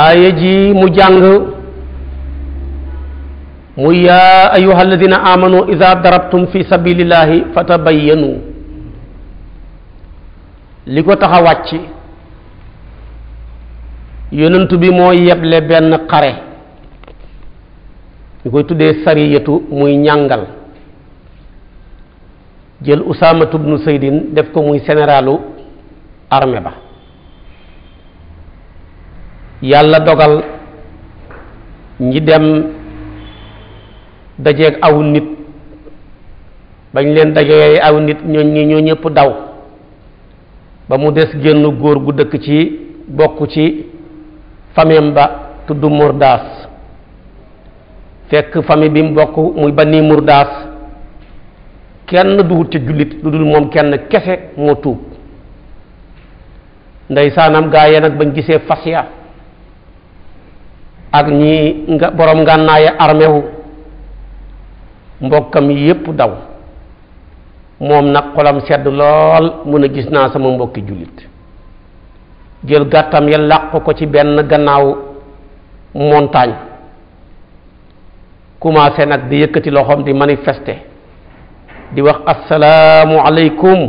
aaya ji mu jàng mu yaa ayuha alladina amanu ida darabtum fi ba fatabayyanu li ko tax a wàcc yonent bi moo yeble benn xare ñu koy tuddee sariyatu muy ñàngal jël usaamatu bnu seydin def ko muy seneraalu armée ba yàlla dogal ñi dem dajeeg aw nit bañ leen dajee aw nit ñoo ñi ñoo ñëpp daw ba mu des génn góor gu dëkk ci bokk ci famem ba tudd murdaas fekk fami bi mu bokk muy bani murdaas kenn duwut ci julit lu dul moom kenn kese moo tuub ndey saanam gaa ya nag bañ gisee fas ya ak ñi nga borom ngànnaaye armé wu mbokam yépp daw moom nag xolam sedd lool mun a gis naa sama mbokki julit jël gàttam ya làq ko ci benn gannaaw montagne commencé nag di yëkkati loxom di manifester di wax assalaamu alaykum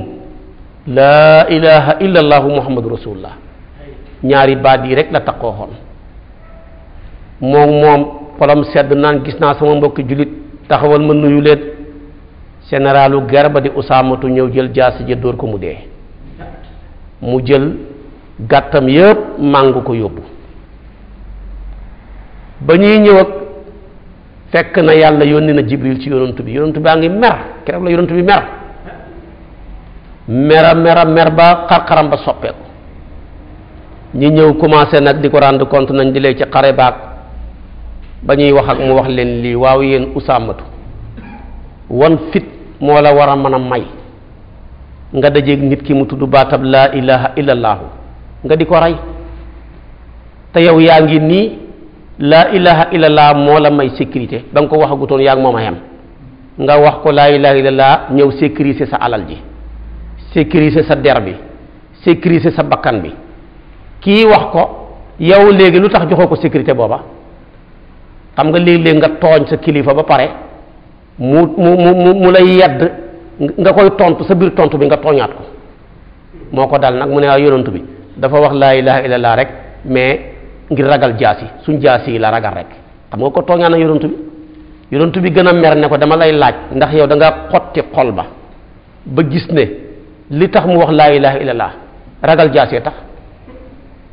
la ilaha illallah muhammadu rasulullah ñaari baat yi rek la xoon moom moom xolam sedd naan gis naa sama mbokki jullit taxawal ma nuyu leen généralu garba di usaamatu ñëw jël jaasi ja dóor ko mu dee mu jël gàttam yépp màngu ko yóbbu ba ñuy ñëw ak fekk na yàlla yónni na jibril ci yonantu bi yonantu baa ngi mer keroog la yonantu bi mer mera mera mer ba xar-xaram ba soppeeku ñi ñëw commencé nag di ko rendre compte nañ di lee ci xare baag ba ñuy wax ak mu wax leen lii waaw yéen usaamatu wan fit moo la war a mën a may nga dajeeg nit ki mu tudd baatab laa ilaha illallaahu nga di ko rey te yow yaa ngi nii laa ilaha illallah moo la may sécurité ba nga ko waxagutoon yaa ngi moom a nga wax ko laa ilaha illallah ñëw sécuriser sa alal ji sécuriser sa der bi sécuriser sa bakkan bi ki wax ko yow léegi lu tax joxoo ko sécurité booba xam nga léeg-léeg nga tooñ sa kilifa ba pare mu mu mu mu lay yedd nga koy tontu sa biir tontu bi nga tooñaat ko moo ko dal nag mu ne waaw yonantu bi dafa wax laa ilaha illallah rek mais ngir ragal jaas yi suñ jaas yi la ragal rek xam nga ko tooñaat na yonantu bi yonantu bi gën a mer ne ko dama lay laaj ndax yow da nga xotti xol ba ba gis ne li tax mu wax laa ilaha illallah ragal jaas tax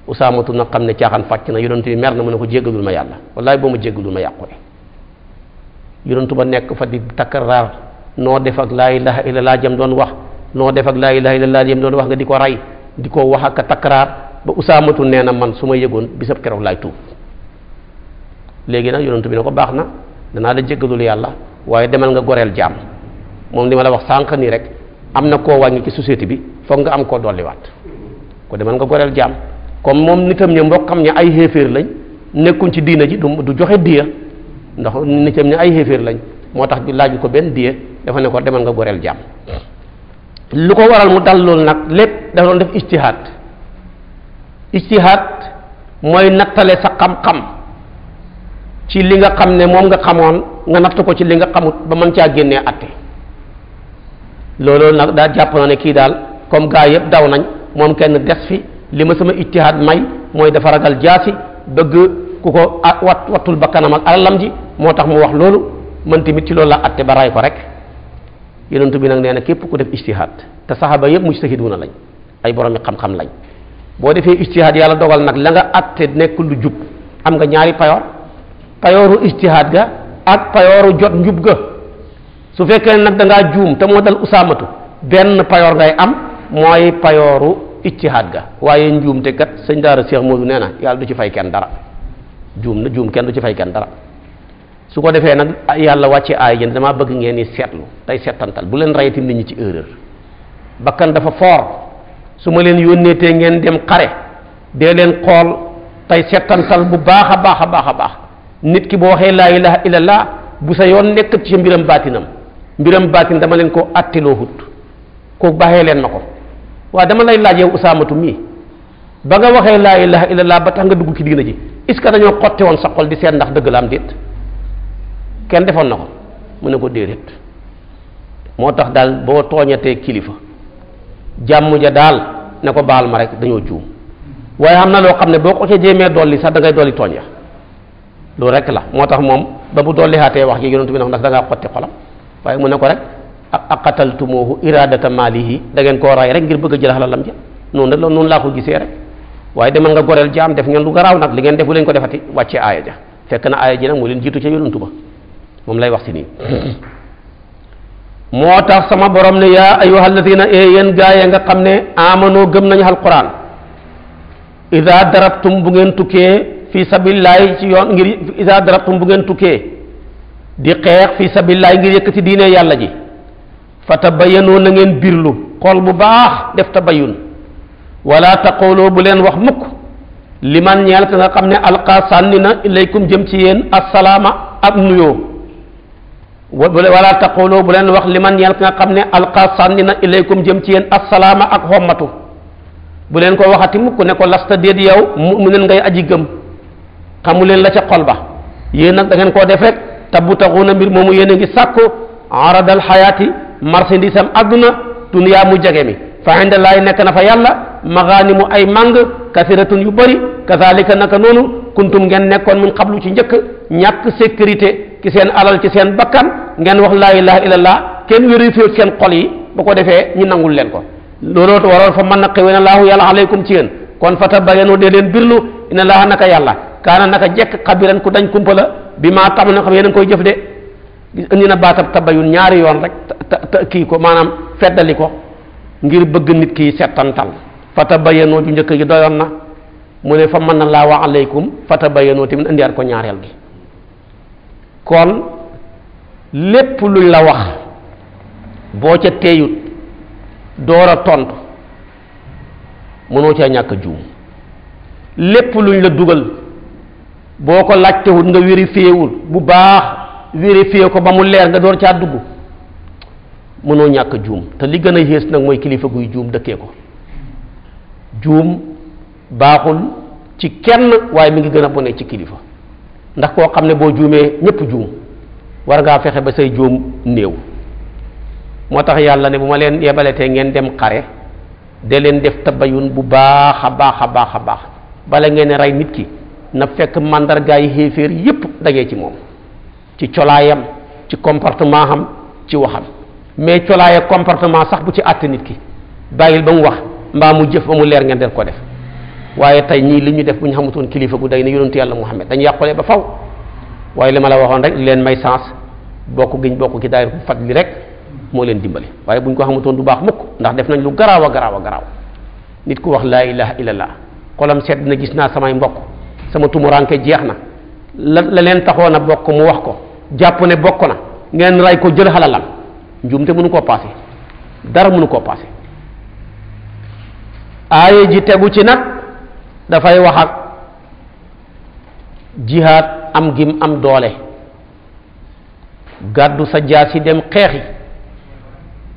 usaamatu nag xam ne caaxaan fàcc na yonent bi mer na mu ne ko jéggalul ma yàlla wallaay boo ma jéggalul ma yàqu yonentu ba nekk fa di takkaraar noo def ak laa ilaha illallah jëm doon wax noo def ak laa ilaha illallah jëm doon wax nga di ko rey di ko wax ak takkaraar ba usaamatu nee na man su ma yëgoon sab keroog laay tuub léegi nag yonentu bi ne ko baax na danaa la jéggalul yàlla waaye demal nga goreel jaam moom li ma la wax sànq nii rek am na koo wàññi ci société bi foog nga am koo dolliwaat ko demal nga goreel jaam comme moom nitam ña mbokkam ni ay xéeféer lañ nekkuñ ci diina ji du joxe diya ndax nitam ña ay xéeféer lañ moo tax laaju ko benn diya dafa ne ko demal nga goreel jàmm ko waral mu dal loolu nag lépp dafa def ijtihaad ijtihaad mooy nattale sa xam ci li nga xam ne moom nga xamoon nga natt ko ci li nga xamut ba mën caa génnee atte loolu nag daa jàpp na ne kii daal comme gaa yëpp daw nañ moom kenn des fi lima sama ijtihad may moy dafa ragal jasi beug kuko wat watul bakkanam ak alalam ji motax mu wax lolu man timit ci lolu la atte baray ko rek yonentu bi nak neena kep ku def ijtihad ta sahaba yeb mujtahiduna lañ ay borom xam-xam lañ bo defé ijtihad yalla dogal nak la nga atte nek lu jup am nga ñaari payoru payoru ijtihad ga ak payoru jot njub ga su fekkee nak da nga joom te moo dal ngay am moy payoru ictihaad ga waaye njuumte kat sëñ daara Cheikh Modou nee na yàlla du ci fay kenn dara juum na juum kenn du ci fay kenn dara su ko defee nag ah, yàlla wàcce aay yéen damaa bëgg ngeen yi seetlu tey seetantal bu leen rayati nit ñi ci erreur bakkan dafa foor su ma leen yónnee te ngeen dem xare dee leen xool tey seetantal bu baax a baax a baax a baax nit ki boo waxee laa ilaha illallah bu sa yoon nekk ci mbiram baatinam mbiram baatin dama leen ko attiloo ko baaxee leen ma ko waaw dama lay laaj yow usaamatu mii ba nga waxee laa ilaha laa ba tax nga dugg ci diina ji est ce que dañoo xotti woon sa xol di seet ndax dëgg la am déet kenn defoon na ko mu ne ko déedéet moo tax daal boo tooñatee kilifa jàmm ja daal ne ko baal ma rek dañoo juum waaye am na loo xam ne boo ko ca jéemee dolli sax da ngay dolli tooñ ya loolu rek la moo tax moom ba mu dolli xaatee wax ji yonent bi ne ko ndax da ngaa xotti xolam waaye mu ne ko rek ak aqataltumuhu iradata malihi da ngeen koo ray rek ngir bëgg a jël alalam ja noonu la laa ko gisee rek waaye demal nga goreel jaam def ngeen lu garaaw nag li ngeen def bu leen ko defati wàccee aaya ja fekk na aaya ji nag leen jiitu ca yonantu moom lay wax si nii moo tax sama borom ne yaa ayyuha alladina e yéen gaay nga xam ne amanoo gëm nañu alquran ida darabtum bu ngeen tukkee fi sabilillahi ci yoon ngir ida darabtum bu ngeen tukkee di xeex fi sabilillahi ngir yëkkati diine yàlla ji fa tabayanoo na ngeen birlu xool bu baax def tabayun wala taqooloo bu leen wax mukk liman ñeel ka nga xam ne alqa sànni na ilaykum jëm ci yéen assalaama ak nuyoo wala taqooloo bu leen wax liman ñeel ka nga xam ne alqa na ilaykum jëm ci yéen assalaama ak xommatu bu leen ko waxati mukk ne ko lasta déet yow mu neen ngay aji gëm xamu leen la ca xol ba yéen nag dangeen ngeen koo def rek tabbu taxuuna mbir moomu yéen a ngi sàkku aradal xayaati marchandise am àdduna duniyaa mu jege mi fa indallaahi nekk na fa yàlla mu ay màng kasiratun yu bëri kazalika naka noonu kuntum ngeen nekkoon min xablu ci njëkk ñàkk sécurité ci seen alal ci seen bakkan ngeen wax laa ilaha illallah kenn vérifié seen xol yi bu ko defee ñu nangul leen ko looloo waroon fa mën na xewee na laahu yàlla aleykum ci yéen kon fa tabayyanu dee leen birlu ina laaha naka yàlla kaana naka jekk xabiran ku dañ kumpa la bi maa tam na xam yéen a ngi koy jëf de indi na baatab tabayun ñaari yoon rek ta kii ko maanaam feddali ko ngir bëgg nit ki settantal fatabayanoo ju njëkk gi doyoon na mu ne fa mën na laa wa aleykum fatabayanoo tamit indiwaat ko ñaareel gi kon lépp luñ la wax boo ca teeyut doora tontu mënoo caa ñàkk a juum lépp luñ la dugal boo ko laajtewut nga vérifié wul bu baax vérifier ko ba mu leer nga door caa dugg mënoo ñàkk juum te li gën a yées nag mooy kilifa guy juum dëkkee ko juum baaxul ci kenn waaye mi ngi gën a bone ci kilifa ndax koo xam ne boo juumee ñépp juum war ngaa fexe ba say juum néew moo tax yàlla ne bu ma leen yebaletee ngeen dem xare de leen def tabayun bu baax a baax a baax a baax bala ngeen rey nit ki na fekk màndargaay xéeféer yépp dagee ci moom ci cholayam ci comportement ham ci waxam mais cholaye comportement sax bu ci àtt nit ki bayil ba wax mba mu jëf ba leer ngeen del ko def waye tay ñii liñu def bu xamutoon kilifa gu day ne yonentu yalla muhammad dañ yàqule ba faw waye lima la waxoon rek leen may sens bokku giñ bokku ki daayir ku fat rek mo leen dimbali waye buñ ko xamutoon du baax mukk ndax def nañ lu grawa grawa grawa nit ku wax la ilaha illallah xolam sedd na gis na samay mbokk sama tumuranke jeex la leen taxoon mu wax ko jàpp ne bokk na ngeen ray ko jël xalalam njuumte mënu koo paase dara mënu koo paase aaye ji tegu ci nag dafay wax ak jihaad am gim am doole gàddu sa jaar ci dem xeexi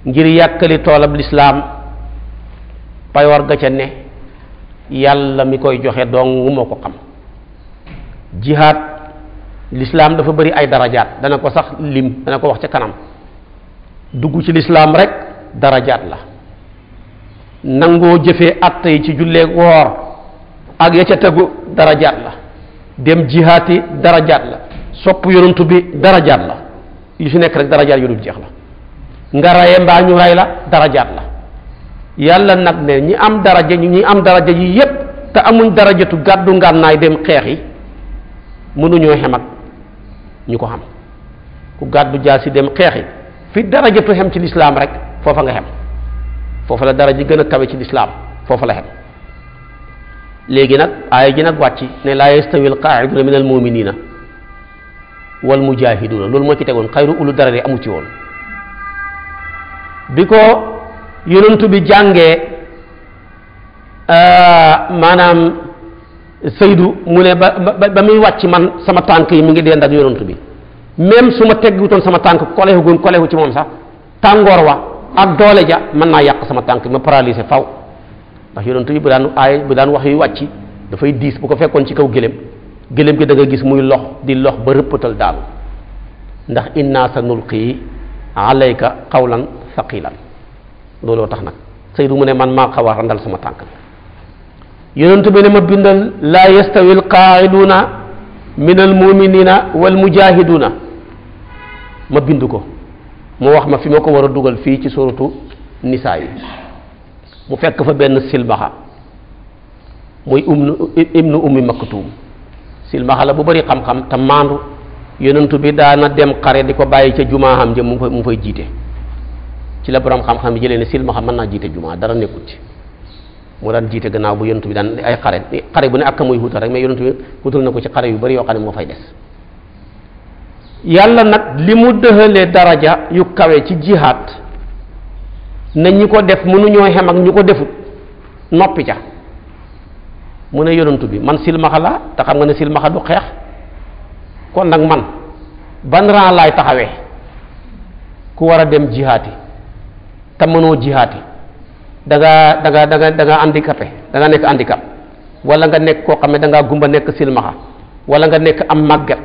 ngir yàkkali toolab lislaam payoor ga ca ne yàlla mi koy joxe dong moo ko xam jihaad l'islam dafa bari ay darajaat dana ko sax lim dana ko wax ca kanam dugg ci l'islam rek darajaat la nangoo jëfee attay ci jullee woor ak ya ca tegu darajaat la dem jihaati darajaat la sopp tubi bi darajaat la yu si nekk rek darajaat yu dul jeex la nga raye mbaa ñu ray la darajaat la yàlla nag ne ñi am daraja ñi am daraja yi yépp te amuñ darajatu gàddu ngànnaay dem xeex yi mënuñoo ñu ko xam ku gàddu jaasi dem xeexi fi darajatu xem ci lislaam rek foofa nga xem foofa la daraja gën a kawe ci lislaam foofa la xem léegi nag aaya ji nag wàcc ne laa yastawi alqaaiduna min almuminina wal mujahiduna loolu moo ci tegoon xayru dara darari amu ci woon bi ko yonantu bi jàngee euh, maanaam saydu mu ne ba ba muy wàcc man sama tànk yi mi ngi dend ak yonantu bi même su ma teggutoon sama tànk kolehu gun kolehu ci moom sax tàngoor wa ak doole ja mën naa yàq sama tànk ma paralysé faw ndax yonantu bi bu daan aay bu daan wax yu wàcc dafay diis bu ko fekkoon ci kaw gi da nga gis muy lox di lox ba rëppatal daal ndax inna sa nulqi alayka qawlan thaqilan looloo tax nag saydu mu ne man maa xaw randal sama tànk yonent bi ne ma bindal laa yastawi alqaaiduna min almuminina walmujahiduna ma bind ko mu wax ma fi ma ko war a dugal fii ci suratu nisaa mu fekk fa benn silmaxa muy um ibnu ummi maktuum silmaxa la bu bari xam-xam te maandu yonentu bi daana dem xare di ko bàyyi ca jumaa xam ja mu fay mu fay jiite ci la borom xam-xam yi jëlee ne silmaxa mën naa jiite jumaa dara nekkut ci moo daan jiite gannaaw bu yonent bi daan ay xare xare bu ne ak ka muy wutal rek mais yonent bi wutal na ko ci xare yu bari yoo xam ne moo fay des yàlla nag li mu dëxalee daraja yu kawe ci jihaat na ñi ko def mënuñoo xem ak ñu ko defut noppi ca mu ne yonantu bi man silmaxa la te xam nga ne silmaxa du xeex kon nag man ban ran taxawee ku war a dem jihaati te mënoo jihaati da ngaa dangaa ngaa da ngaa handicapé da nga nekk handicap wala nga nekk koo xam ne da ngaa gumba nekk silmaxa wala nga nekk am màggat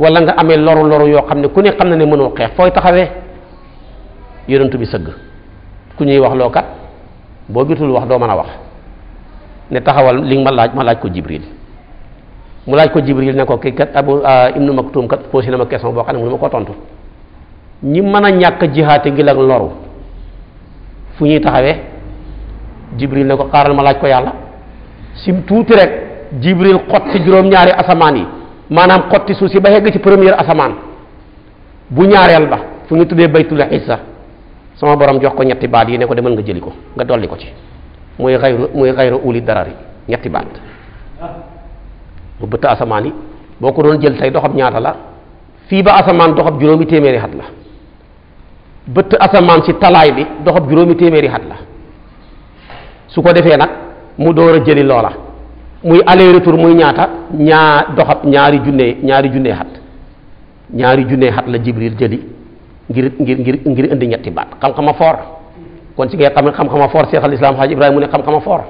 wala nga amee loru loru yoo xam ne ku ne xam na ne mënoo xeex fooy taxawee yonentu bi sëgg ku ñuy wax loo kat boo gisul wax doo mën a wax ne taxawal li ma laaj ma laaj ko jibril mu laaj ko jibril ne ko kii kat abu ah, ibnu maktum kat posé na ma question boo xam ne mënu ma ko tontu ñi mën a ñàkk jihaate gi la loru fu ñuy taxawee jibril ne ko xaaral ma laaj ko yàlla sim tuuti rek jibril xotti juróom-ñaari asamaan yi maanaam xotti suuf si ba yegg ci premier asamaan bu ñaareel ba fu ñu tuddee baytul sama borom jox ko ñetti baat yi ne ko demal nga jëli ko nga dolli ko ci muy xayru muy xayru uli darari ñetti baat bu bëtt asamaan yi boo ko doon jël tey doxam ñaata la fii ba asamaan doxam juróomi téeméeri xat la bëtt asamaan si talaay bi doxab juróomi téeméeri xat la su ko defee nag mu door a jëli loola muy aller retour muy ñaata ñaa doxab ñaari junne ñaari junne hat ñaari junne hat la jibril jëli ngir ngir ngir ngir indi ñetti baat xam-xama for kon ci ngay xam xam-xama for cheikh al islam haji ibrahim mu ne xam-xama for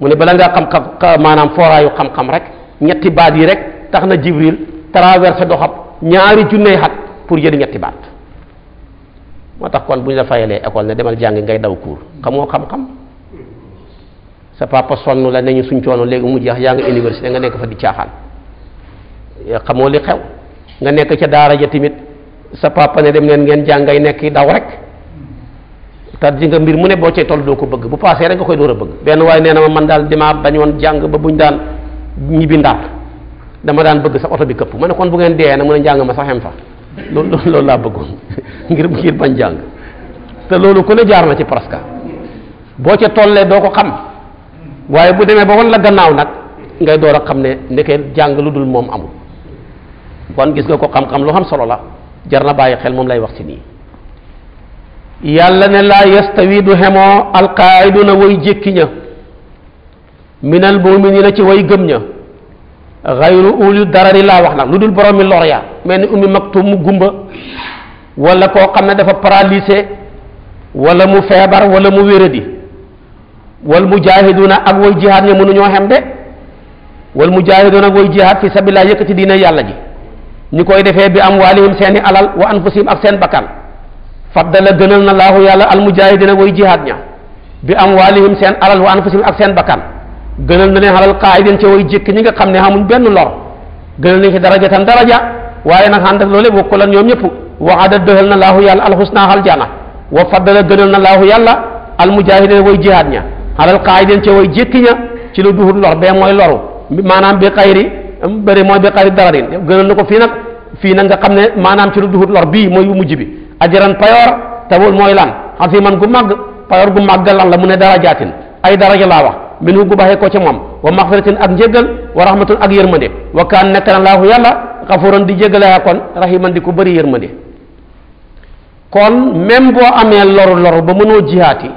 mu ne bala nga xam fora yu xam-xam rek ñetti baat yi rek tax jibril traversé doxab ñaari junne hat pour jëli ñetti baat motax kon buñ la fayalé école ne demal jàng ngay daw cour xamoo xam-xam sa papa sonu la nañu suñ ciono léegi mu jeex ya nga université nga nek fa di caaxaan xamoo li xew nga nek ci daara ja timit sa papa ne dem leen ngeen jangay nek daw rek ta di nga mbir mu ne bo ci tol do ko bëgg bu passé rek nga koy doora bëgg ben way neena ma man dal dima won jang ba buñ daan ñibi ndar dama daan bëgg sa auto bi kepp mané kon bu ngeen déé mu ne ma saxem fa loolu loolu la bëggoon ngir ngir bañ jang te loolu ko ne jaar na ci presque bo ci do ko xam waaye bu demee ba wan la gannaaw nag ngay door a xam ne ndekee jàng lu dul moom amul kon gis nga ko xam-xam lu xam solo la jar na bàyyi xel moom lay wax si nii yàlla ne laa yastawi du xemoo alqaayiduna way jékki ña minal muminina ci way gëm ña xayru uli darari laa wax nag lu dul borom mi lor yaa mel ni ummi maktum mu gumba walla koo xam ne dafa paralysé walla mu feebar wala mu wéradi wal mujahiduna ak way jihaad ña mënuñoo xem de wal mujahiduna ak way jihaad fi sabilillah yëkkati diina yàlla ji ñu koy defee bi am waalihim seeni alal wa anfusihim ak seen bakkan faddala gënal na laahu yàlla al mujahidina way jihaad ña bi am waalihim seen alal wa anfusihim ak seen bakkan gënal na leen alal qaayidin ca way jëkk ñi nga xam ne xamuñ benn lor gënal nañ ci daraja tan daraja waaye nag ànd ak loolu bokkul ak ñoom ñëpp waxaada dëxal na laahu yàlla alxusnaa aljanna wa faddala gënal na laahu yàlla al mujahidina way jihaad ña alal qaayidin ca way jékki ña ci lu duhut lor bee mooy loru maanaam bi xayri bëri mooy bi xayri dararin gënal na ko fii nag fii nag nga xam ne maanaam ci lu duhut lor bii mooy bu mujj bi ajaran payoor tawul mooy lan xam si man gu màgg payoor gu màgg lan la mu ne darajaatin ay daraja laa wax min gu baxee ko ci moom wa maxfiratin ak njéggal wa rahmatun ak yërmande wa kaan nekk na laahu yàlla xafuran di jéggalaya kon man di ko bëri yërmande kon même boo amee loru loru ba mënoo jihaati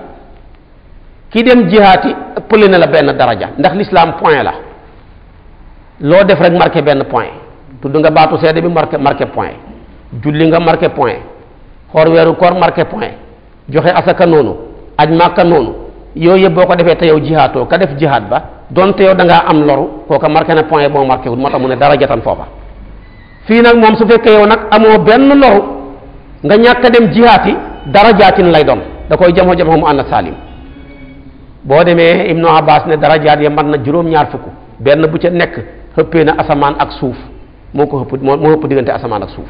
ki dem jihati ëppale na la benn daraja ndax l'islam point la loo def rek marqué benn point tudd nga baatu seede bi marqué marqué point julli nga marqué point xor weeru koor marqué point joxe asaka noonu aj màkka noonu yooyu yëpp boo ko defee te yow jihaatoo ka def jihaat ba donte yow da ngaa am loru kooka marqué na point boo marqué wul moo tax daraja tan foofa fii nag moom su fekkee yow nag amoo benn loru nga ñàkk dem jihaati darajaatin lay doon da koy jamo jamo mu ànd salim boo demee ibnu abbas ne dara jaar ya man na juróom-ñaar fukk benn bu ca nekk xëppee na asamaan ak suuf moo ko xëpp moo moo diggante asamaan ak suuf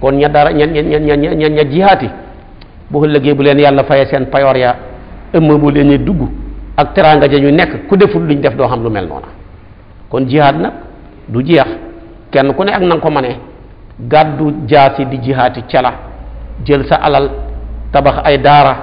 kon ña dara ña ña ña ña jihaati bu ëllëgee bu leen yàlla fayee seen payoor ya ëmm bu leen ñuy dugg ak teraanga ja ñu nekk ku deful luñ def doo xam lu mel noona kon jihaat nag du jeex kenn ku ne ak nanga ko manee gàddu jaasi di jihaati cala jël sa alal tabax ay daara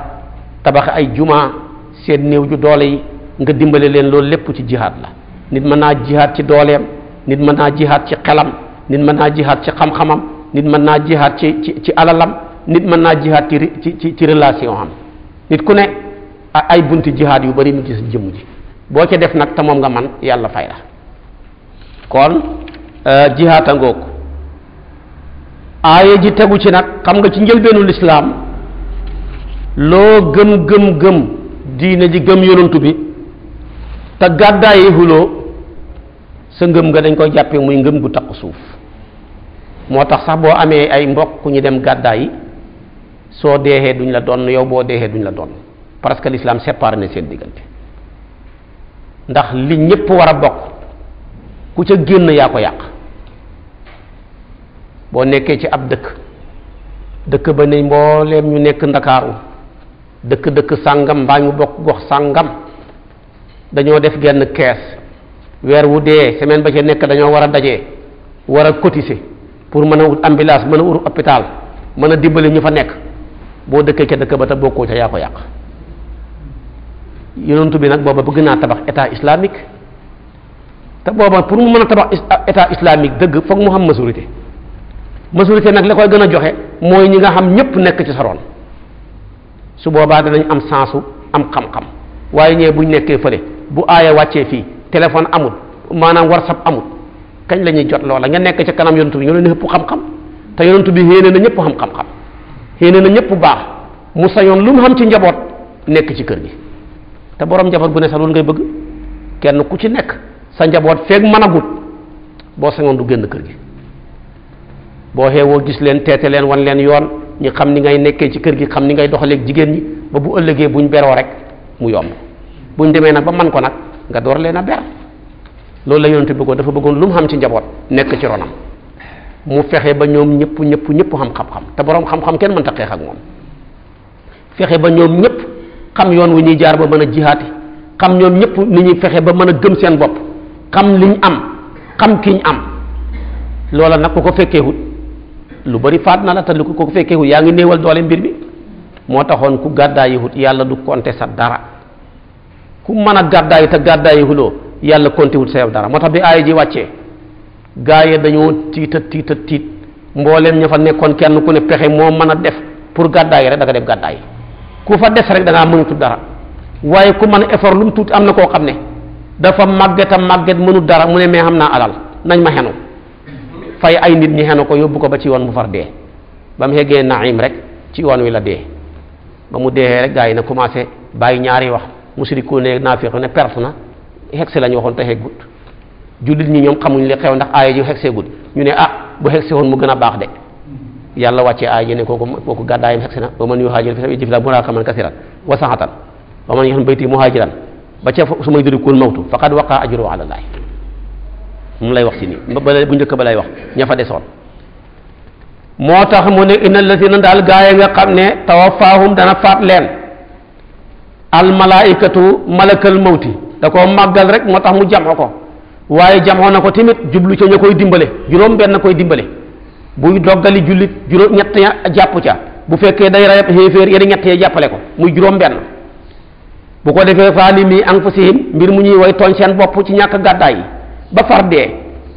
tabax ay jumaa seen néew ju doole yi nga dimbali leen loolu lépp ci jihaad la nit mën naa jihaad ci dooleem nit mën naa jihaad ci xelam nit mën naa jihaad ci xam nit mën naa jihaad ci ci ci alalam nit mën naa jihaad ci ci ci ci relation am nit ku ne ay bunti jihaad yu bari mu ci sa ji boo ci def nag te moom nga man yàlla fay la kon euh, jihaad a ngoog aaya ji tegu ci nag xam nga ci njëlbeenu lislaam loo gëm gëm gëm diine di gëm yonantu bi te gàddaayi huloo sa ngëm nga dañ koy jàppee muy ngëm gu takku suuf moo tax sax boo amee ay mbokk ñu dem gàddaay yi soo deexee duñ la doon yow boo deexee duñ la doon parce que l'islam séparé na seen diggante ndax li ñépp war a bokk ku ca génn yaa ko yàq boo nekkee ci ab dëkk dëkk ba ne mbooleem ñu nekk ndakaaru dëkk dëkk sàngam mbaa mu bokk gox sàngam dañoo def genn kees weer wu dee semaine ba ca nekk dañoo war a dajee war a cotiser pour mën a wut ambulance mën a wut hôpital mën a dimbali ñu fa nekk boo dëkkee ca dëkk ba te bokkoo ca yaa ko yàq yonentu bi nag booba bëgg naa tabax état islamique te booba pour mu mën tabax état islamique dëgg foog mu xam masurité masurité nag la koy gën a joxe ñi nga xam ñëpp nekk ci su boobaa danañ am sensu am xam-xam waaye ñee buñ nekkee fële bu aaya wàccee fii téléphone amul maanaam whatsapp amul kañ la ñuy jot loola nga nekk ci kanam yonentu bi ñoo leen ëpp xam-xam te yonentu bi xéene na ñëpp xam xam-xam xéene na ñëpp baax mu sañoon lu mu xam ci njaboot nekk ci kër gi te boroom njaboot gu ne sax loolu ngay bëgg kenn ku ci nekk sa njaboot feeg managut boo sañoon du génn kër gi boo xeewoo gis leen teete leen wan leen yoon ñi xam ni ngay nekkee ci kër gi xam ni ngay doxaleeg jigéen ñi ba bu ëllëgee buñ beroo rek mu yomb buñ demee nag ba man ko nag nga door leen a ber loolu la yonente bëggoon dafa bëggoon lu mu xam ci njaboot nekk ci ronam mu fexe ba ñoom ñëpp ñëpp ñëpp xam xam te borom xam kenn mënta xeex ak moom fexe ba ñoom ñëpp xam yoon wu ñuy jaar ba mën a jihaati xam ñoom ñëpp ni ñuy fexe ba mën a gëm seen bopp xam liñ am xam kiñ am loola nag ku ko fekkee wut lu bari faat na la te lu ko fekkeewul yaa ngi néewal doole mbir bi moo taxoon ku gàddaay yëhut yàlla du konte sa dara ku mën a gàddaay te gàddaay yëhuloo yàlla compter wut sa yow dara moo tax bi aaya ji wàcce gaa yi dañoo tiita tiita tiit mbooleem ña fa nekkoon kenn ku ne pexe moo mën a def pour gàddaay rek da def gàddaay ku fa def rek da ngaa mënutu dara waaye ku mën effort lu mu tuuti am na koo xam ne dafa màgget màgget mënu dara mu ne mais xam naa alal nañ ma fay ay nit ñi xenu ko yóbbu ko ba ci woon mu far dee ba mu xeggee naim rek ci woon wi la dee ba mu dee rek gaa yi na commencé bàyyi ñaari wax musriku ne naafiqu ne perte na xegse lañu waxoon te xeggut jullit ñi ñoom xamuñ li xew ndax aaya ji xegseegut ñu ne ah bu xegse woon mu gën a baax de yàlla wàccee aaya ji ne kooku kooku gàddaayam si na ba man yuhaajir fi sabilillah wa ba ca su may duri kool mawtu a waqa ajru ala llaah mu lay wax si nii bu njëkk ba lay wax ña fa desoon moo tax mu ne inna lazina daal gaa yi nga xam ne tawafaahum dana faat leen almalaaikatu malakal mawti da koo màggal rek moo tax mu jamxo ko waaye jamxo na ko tamit jublu ca ñu koy dimbale juróom benn koy dimbale buy doggali jullit juróom ñett ya jàpp ca bu fekkee day rayab xéeféer yéen ñett ya jàppale ko muy juróom benn bu ko defee faalimi anfusihim mbir mu ñuy way tooñ seen bopp ci ñàkk gàddaay yi ba far dee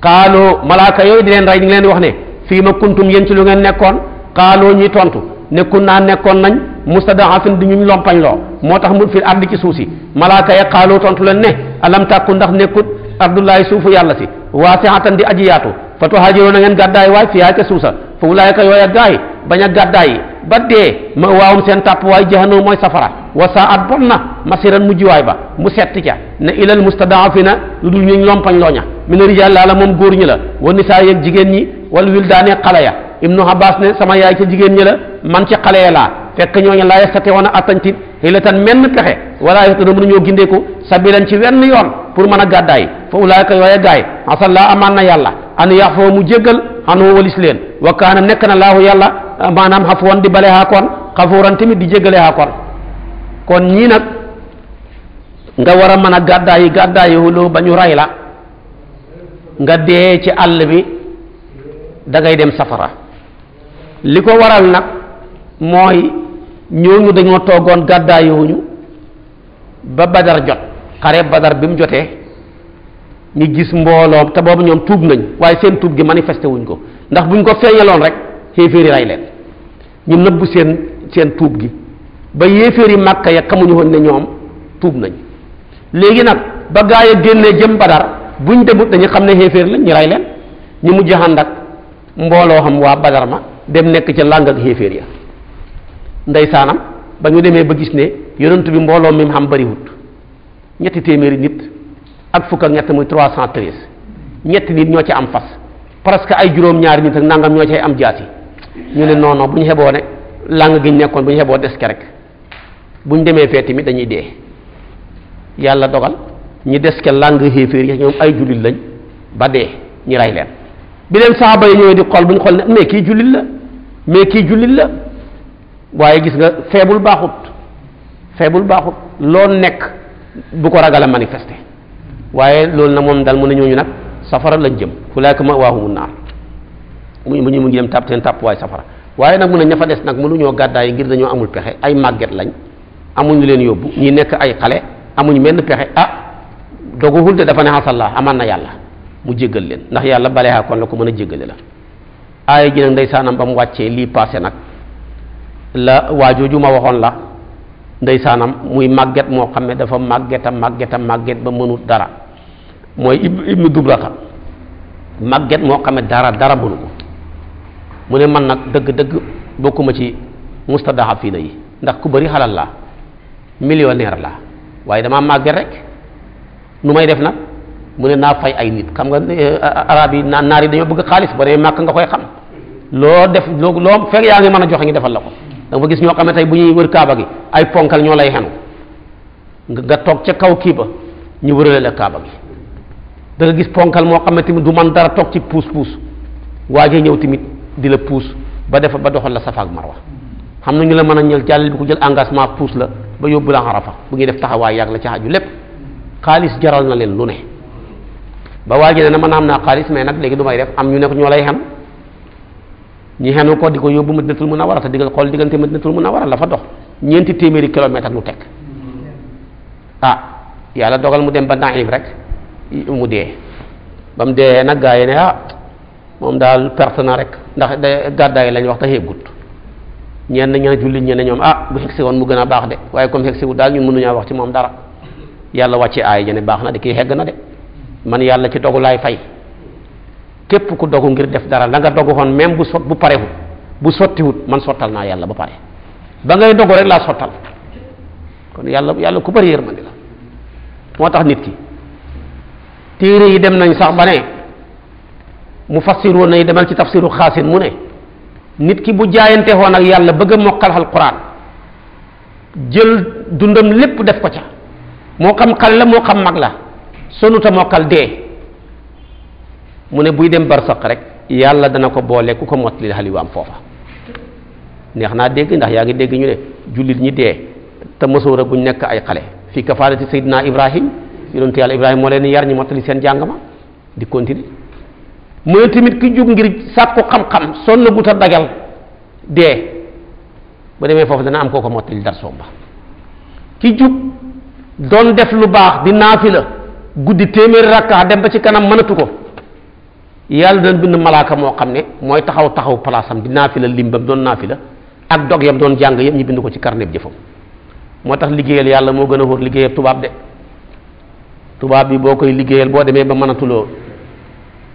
xaaloo malaaka yooyu di leen rey ñu ngi leen di wax ne fii ma kuntum yéen ci lu ngeen nekkoon xaaloo ñuy tontu nekkun naa nekkoon nañ mustadafin du ñu lompañ loo moo tax mu fi ardi ci suuf si malaaka ya xaaloo tontu leen ne alam tàkku ndax nekkut ardullahi suufu yàlla si waasiatan di aji yaatu fa tuhaajiroon na ngeen gàddaay waay fiyaa ca suusa fa wulaayka yooya gaay bañ a gàddaay ba dee ma waawum seen tàpp waay jahannam mooy safara wa saat bon na masiran mujjuwaay ba mu setti ca ne ilal mustadaafina lu dul ñu lompañ looña mina rijaal laa la moom góor ñi la wa nisaa yeeg jigéen ñi wal wildaane xale ya ibnu Abbas ne sama yaay ca jigéen ñi la man ci xale ya laa fekk ñooñu laa yastatiwoona attantit hilatan menn pexe wala yotuna ko sa sabilan ci wenn yoon pour mën a gàddaay fa ulaayka yooye gaay laa amaan na yàlla an yaxfoo mu jéggal xanu walis leen wa nekk na laahu yàlla maanaam wan di bale xaakoon xafuuran tamit di jéggale xaakoon kon ñii nag nga war a mën a gàddaay gàddaayi huloo ba ñu ray la nga dee ci àll bi da dem safara li ko waral nag ñooñu dañoo toogoon gàddaayooñu ba badar jot xare badar bi mu jotee ñu gis mbooloom te boobu ñoom tuub nañ waaye seen tuub gi manifesté wuñ ko ndax buñ ko feeñaloon rek xéeféeri rey leen ñu nëbbu seen seen tuub gi ba yéeféeri màkka ya xamuñu woon ne ñoom tuub nañ léegi nag ba gaa yi génnee jëm badar buñ demut dañu xam ne xéeféer lañ ñu rey leen ñu mujj ànd ak mbooloo xam waa badar ma dem nekk ca làng ak xéeféer ya ndeysaanam ba ñu demee ba gis ne yonent bi mbooloo mi mu xam bariwut ñetti téeméeri nit ak fukk ak ñett muy trois cent treize ñetti nit ñoo ci am fas presque ay juróom-ñaari nit ak nangam ñoo cay am jaasi ñu ne non non bu ñu xeboo ne làng gi ñu nekkoon bu ñu xeboo des ke rek bu ñu demee fee tamit dañuy dee yàlla dogal ñi des ke làng xéeféer yi ñoom ay jullit lañ ba dee ñi rey leen bi leen saaba yi ñëwee di xool bu ñu xool ne mais kii jullit la mais kii waaye gis nga feebul baaxut feebul baaxut loo nekk bu ko ragal a manifesté waaye loolu na moom dal mu ne ñooñu nag safara lañ jëm fulaaka ma waahumu naar mu mu ñu mu dem tàpp seen tàpp waaye safara waaye nag mu ne ña fa des nag mënuñoo gàddaay ngir dañoo amul pexe ay màgget lañ amuñu leen yóbbu ñi nekk ay xale amuñ menn pexe ah doguwul te dafa ne xasallah amaan na yàlla mu jéggal leen ndax yàlla baleexaa kon la ko mën a jéggale la a ji nag ndeysaanam ba mu wàccee lii nag la waajooju ma waxoon la ndeysaanam muy màgget moo xam ne dafa màggeta màggeta màgget ba mënut dara mooy ibnu dubrata màgget moo xam ne dara dara mënu mu ne man nag dëgg-dëgg bokkuma ci mustadaafina yi ndax ku bari xalal la millionnaire la waaye dama màgget rek nu may def nag mu ne naa fay ay nit xam nga eh, arab yi naar yi dañoo bëgg xaalis ba demee màkk nga koy xam loo def loo loo fekk yaa ngi mën a joxe ngi defal la ko da nga gis ñoo xam tay bu ñuy wër kaaba gi ay ponkal ñoo lay xanu nga tok ci kaw kii ba ñu wërale la kaaba gi da nga gis ponkal mo xam tim du man dara tok ci pous pous waajee ñew timit di la pous ba def ba doxal la ak marwa xamna ñu la mëna ñël jàllal bi ko jël engagement pous la ba yobbu la harafa bu ngi def taxaway yak la ci xaju lepp khalis jaral na len lu ne ba waaji na ma am naa xaalis mais def am ñu nek ñoo lay xam ñu xenu ko di ko yóbbu Madinatul Munawwara te diggal xool diggante Madinatul Munawwara la fa dox ñeenti téeméeri kilomètre ak lu teg ah yàlla dogal mu dem ba Naïm rek mu dee ba mu dee nag gaa yi ne ah moom daal perte na rek ndax de gàddaay lañ wax te xeegut ñenn ñeneen jullit ñeneen ñoom ah bu xegsi woon mu gën a baax de waaye comme xegsi wu daal ñun mënuñaa wax ci moom dara yàlla wàcce aay ñu ne baax na de kii xegg na de man yàlla ci dogu laay fay képp ku dogu ngir def dara langa nga dogu xoon même bu sot bu parewut bu sottiwut man sottal naa yàlla ba pare ba ngay dogu rek laa sottal kon yàlla yàlla ku bari yërmande la moo tax nit ki téere yi dem nañ sax ba ne mu fassir woon demal ci tafsiru xaasin mu ne nit ki bu jaayante woon ak yàlla bëgg a mokkal alquran jël dundam lépp def ko ca moo xam xale la moo xam mag la sonuta mokkal dee mu ne buy dem barsaq rek yàlla dana ko boole ku ko mottali xaliwaam foofa neex naa dégg ndax yaa ngi dégg ñu ne jullit ñi dee te mësoora buñ nekk ay xale fii kafaalati sayyidina ibrahim yonentu yàlla ibrahim moo leen yar ñi mottali seen jàngama di continuer mu ne tamit ki jug ngir sàkku xam-xam sonn gut a dagal dee ba demee foofu dana am koo ko mottali dar somba ki jug doon def lu baax di naafila guddi téeméeri rakka dem ba ci kanam mënatu ko yalla dañ bind Malaka mo xamne moy taxaw taxaw am dina di la limbam fi la ak dog yam don jang yam ñi bind ko ci carnet bi jëfam moo tax liggéeyal yàlla moo gën a de tubab bi bokay koy bo boo ba manatulo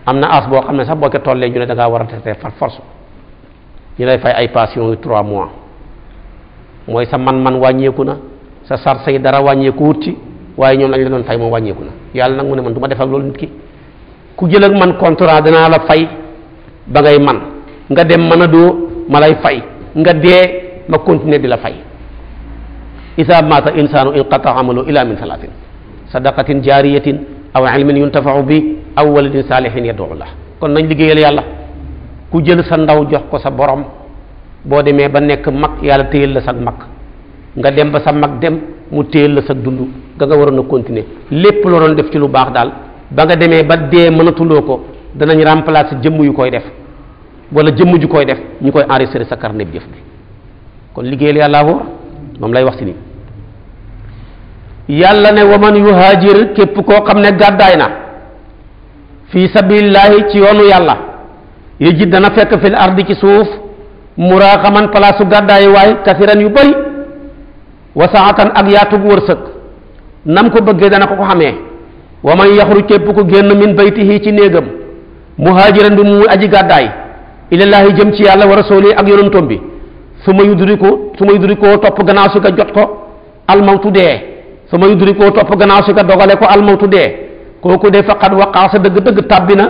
Amna as bo xamne sax boké tollé tollee ñu da nga wara tété far force ñi lay fay ay passion yu mois moy sa man-man wàññeeku na sa sar say dara wàññeeku wut ci waaye ñoom lañ la doon fay moom wàññeeku na yalla nak mu ne man duma lool nit ki ku jël ak man contrat danaa la fay ba ngay man nga dem mën a doo ma lay fay nga dee ma continuer di la fay isa maata insaanu inqata amalu ila min salaatin sadaqatin jaariyatin aw ilmin yuntafaxu bi aw waladin saalihin yad'u la kon nañ liggéeyal yàlla ku jël sa ndaw jox ko sa borom boo demee ba nekk mag yàlla téyel la sag mag nga dem ba sa mag dem mu téyel la sag dund nga nga waroon a continuer lépp loo doon def ci lu baax daal ba nga demee ba dee mënatuloo ko danañ remplacer jëmm yu koy def wala jëmm ju koy def ñu koy enregistrer sa carnet bi jëf bi kon liggéeyal yàllaa wóor moom lay wax si nii yàlla ne waman yuhaajir képp koo xam ne gàddaay na fii sabilillahi ci yoonu yàlla yajid dana fekk fil ardi ci suuf muraaxaman palaasu gàddaay waay kasiran yu bëri wasaatan ak yaatug wërsëg nam ko bëggee dana ko ko xamee wa man yaxruj képp ku génn min baytihi ci néegam muhaajiran bi muy aji gàddaay ilallaahi jëm ci yàlla war a rasuuli ak yonantom bi su ma ko su ma yudrikoo topp gannaaw si ka jot ko almawtu dee su ma yudrikoo topp gannaaw si ka dogale ko almawtu dee kooku de faqat waqaa sa dëgg-dëgg tàbbi na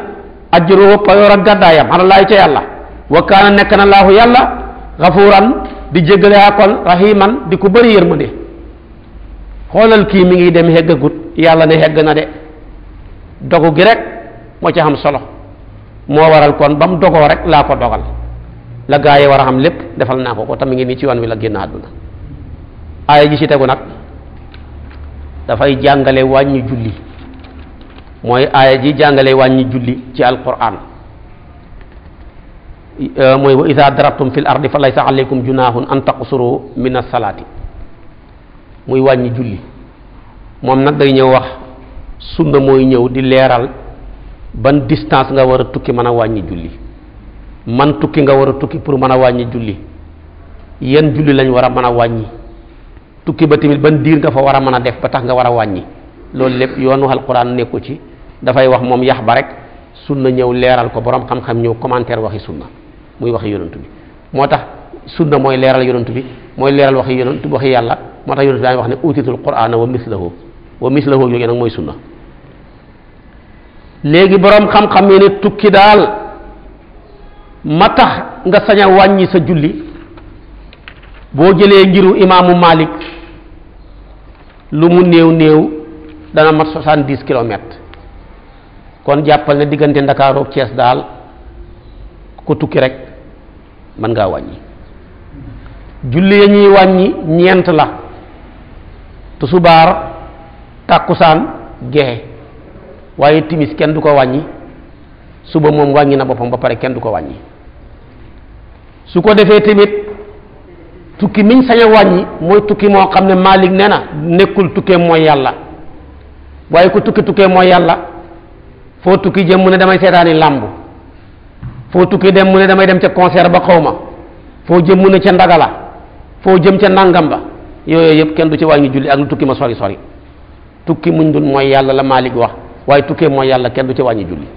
ajroo payoor ak gàddaayam alallaahi ca yàlla wa kaana nekk na laahu yàlla gafuuran di jéggale akol rahiman di ku bëri yërmande xoolal kii mi ngi dem heggagut yàlla ne hegg na de dogu gi rek moo ci am solo moo waral kon ba mu dogoo rek laa ko dogal la gaa yi war a xam lépp defal naa ko ko tamit ngi nii ci yoon wi la génn àdduna aaya ji ci tegu nag dafay jàngale wàññi julli mooy aaya ji jàngale wàññi julli ci alquran euh, mooy wa ida darabtum fil ardi fa laysa aleykum junahun an taqsuru min as salaati muy wàññi julli moom nag day ñëw wax sunna mooy ñëw di leeral ban distance nga war a tukki mën a wàññi julli man tukki nga war a tukki pour mën a wàññi julli yan julli lañu war a mën a wàññi tukki ba tamit ban diir nga fa war a mën a def ba tax nga war a wàññi loolu lépp yoon yoonu alquran nekku ci dafay wax moom yax ba rek sunna ñëw leeral ko borom xam-xam ñëw commentaire waxi sunna muy waxi yonent bi moo tax sunna mooy leeral yonent bi mooy leeral waxi yonent waxi yàlla moo tax yonent bi wax ne utitul qur'ana wa mislahu wa mislahu yooyu nag mooy léegi borom xam-xam yi ne tukki daal ma tax nga sañ a wàññi sa julli boo jëlee ngiru imaamu malik lu mu néew néew dana mat 70 kilomètres kon jàppal ne diggante ndakaaroog cees daal ko tukki rek man ngaa wàññi julli ya ñuy wàññi ñeent la tusubaar gehe waaye timis kenn du ko wàññi suba moom wàññi na boppam ba pare kenn du ko wàññi su ko defee tamit tukki miñ sañ a wàññi tukki moo xam malik nee Nekul nekkul tukkee mooy yàlla waaye ku tukki tukkee mooy yàlla foo tukki jëm mu ne damay seetaani làmb foo tukki dem mu ne damay dem ca concert ba xaw ma foo jëm mu ne ca ndagala foo jëm ca nangam ba yooyu kenn du ci wàññi julli ak tukki ma sori sori tukki muñ dun mooy yàlla la malik wax waaye tukkee mooy yàlla kenn du ci wàññi julli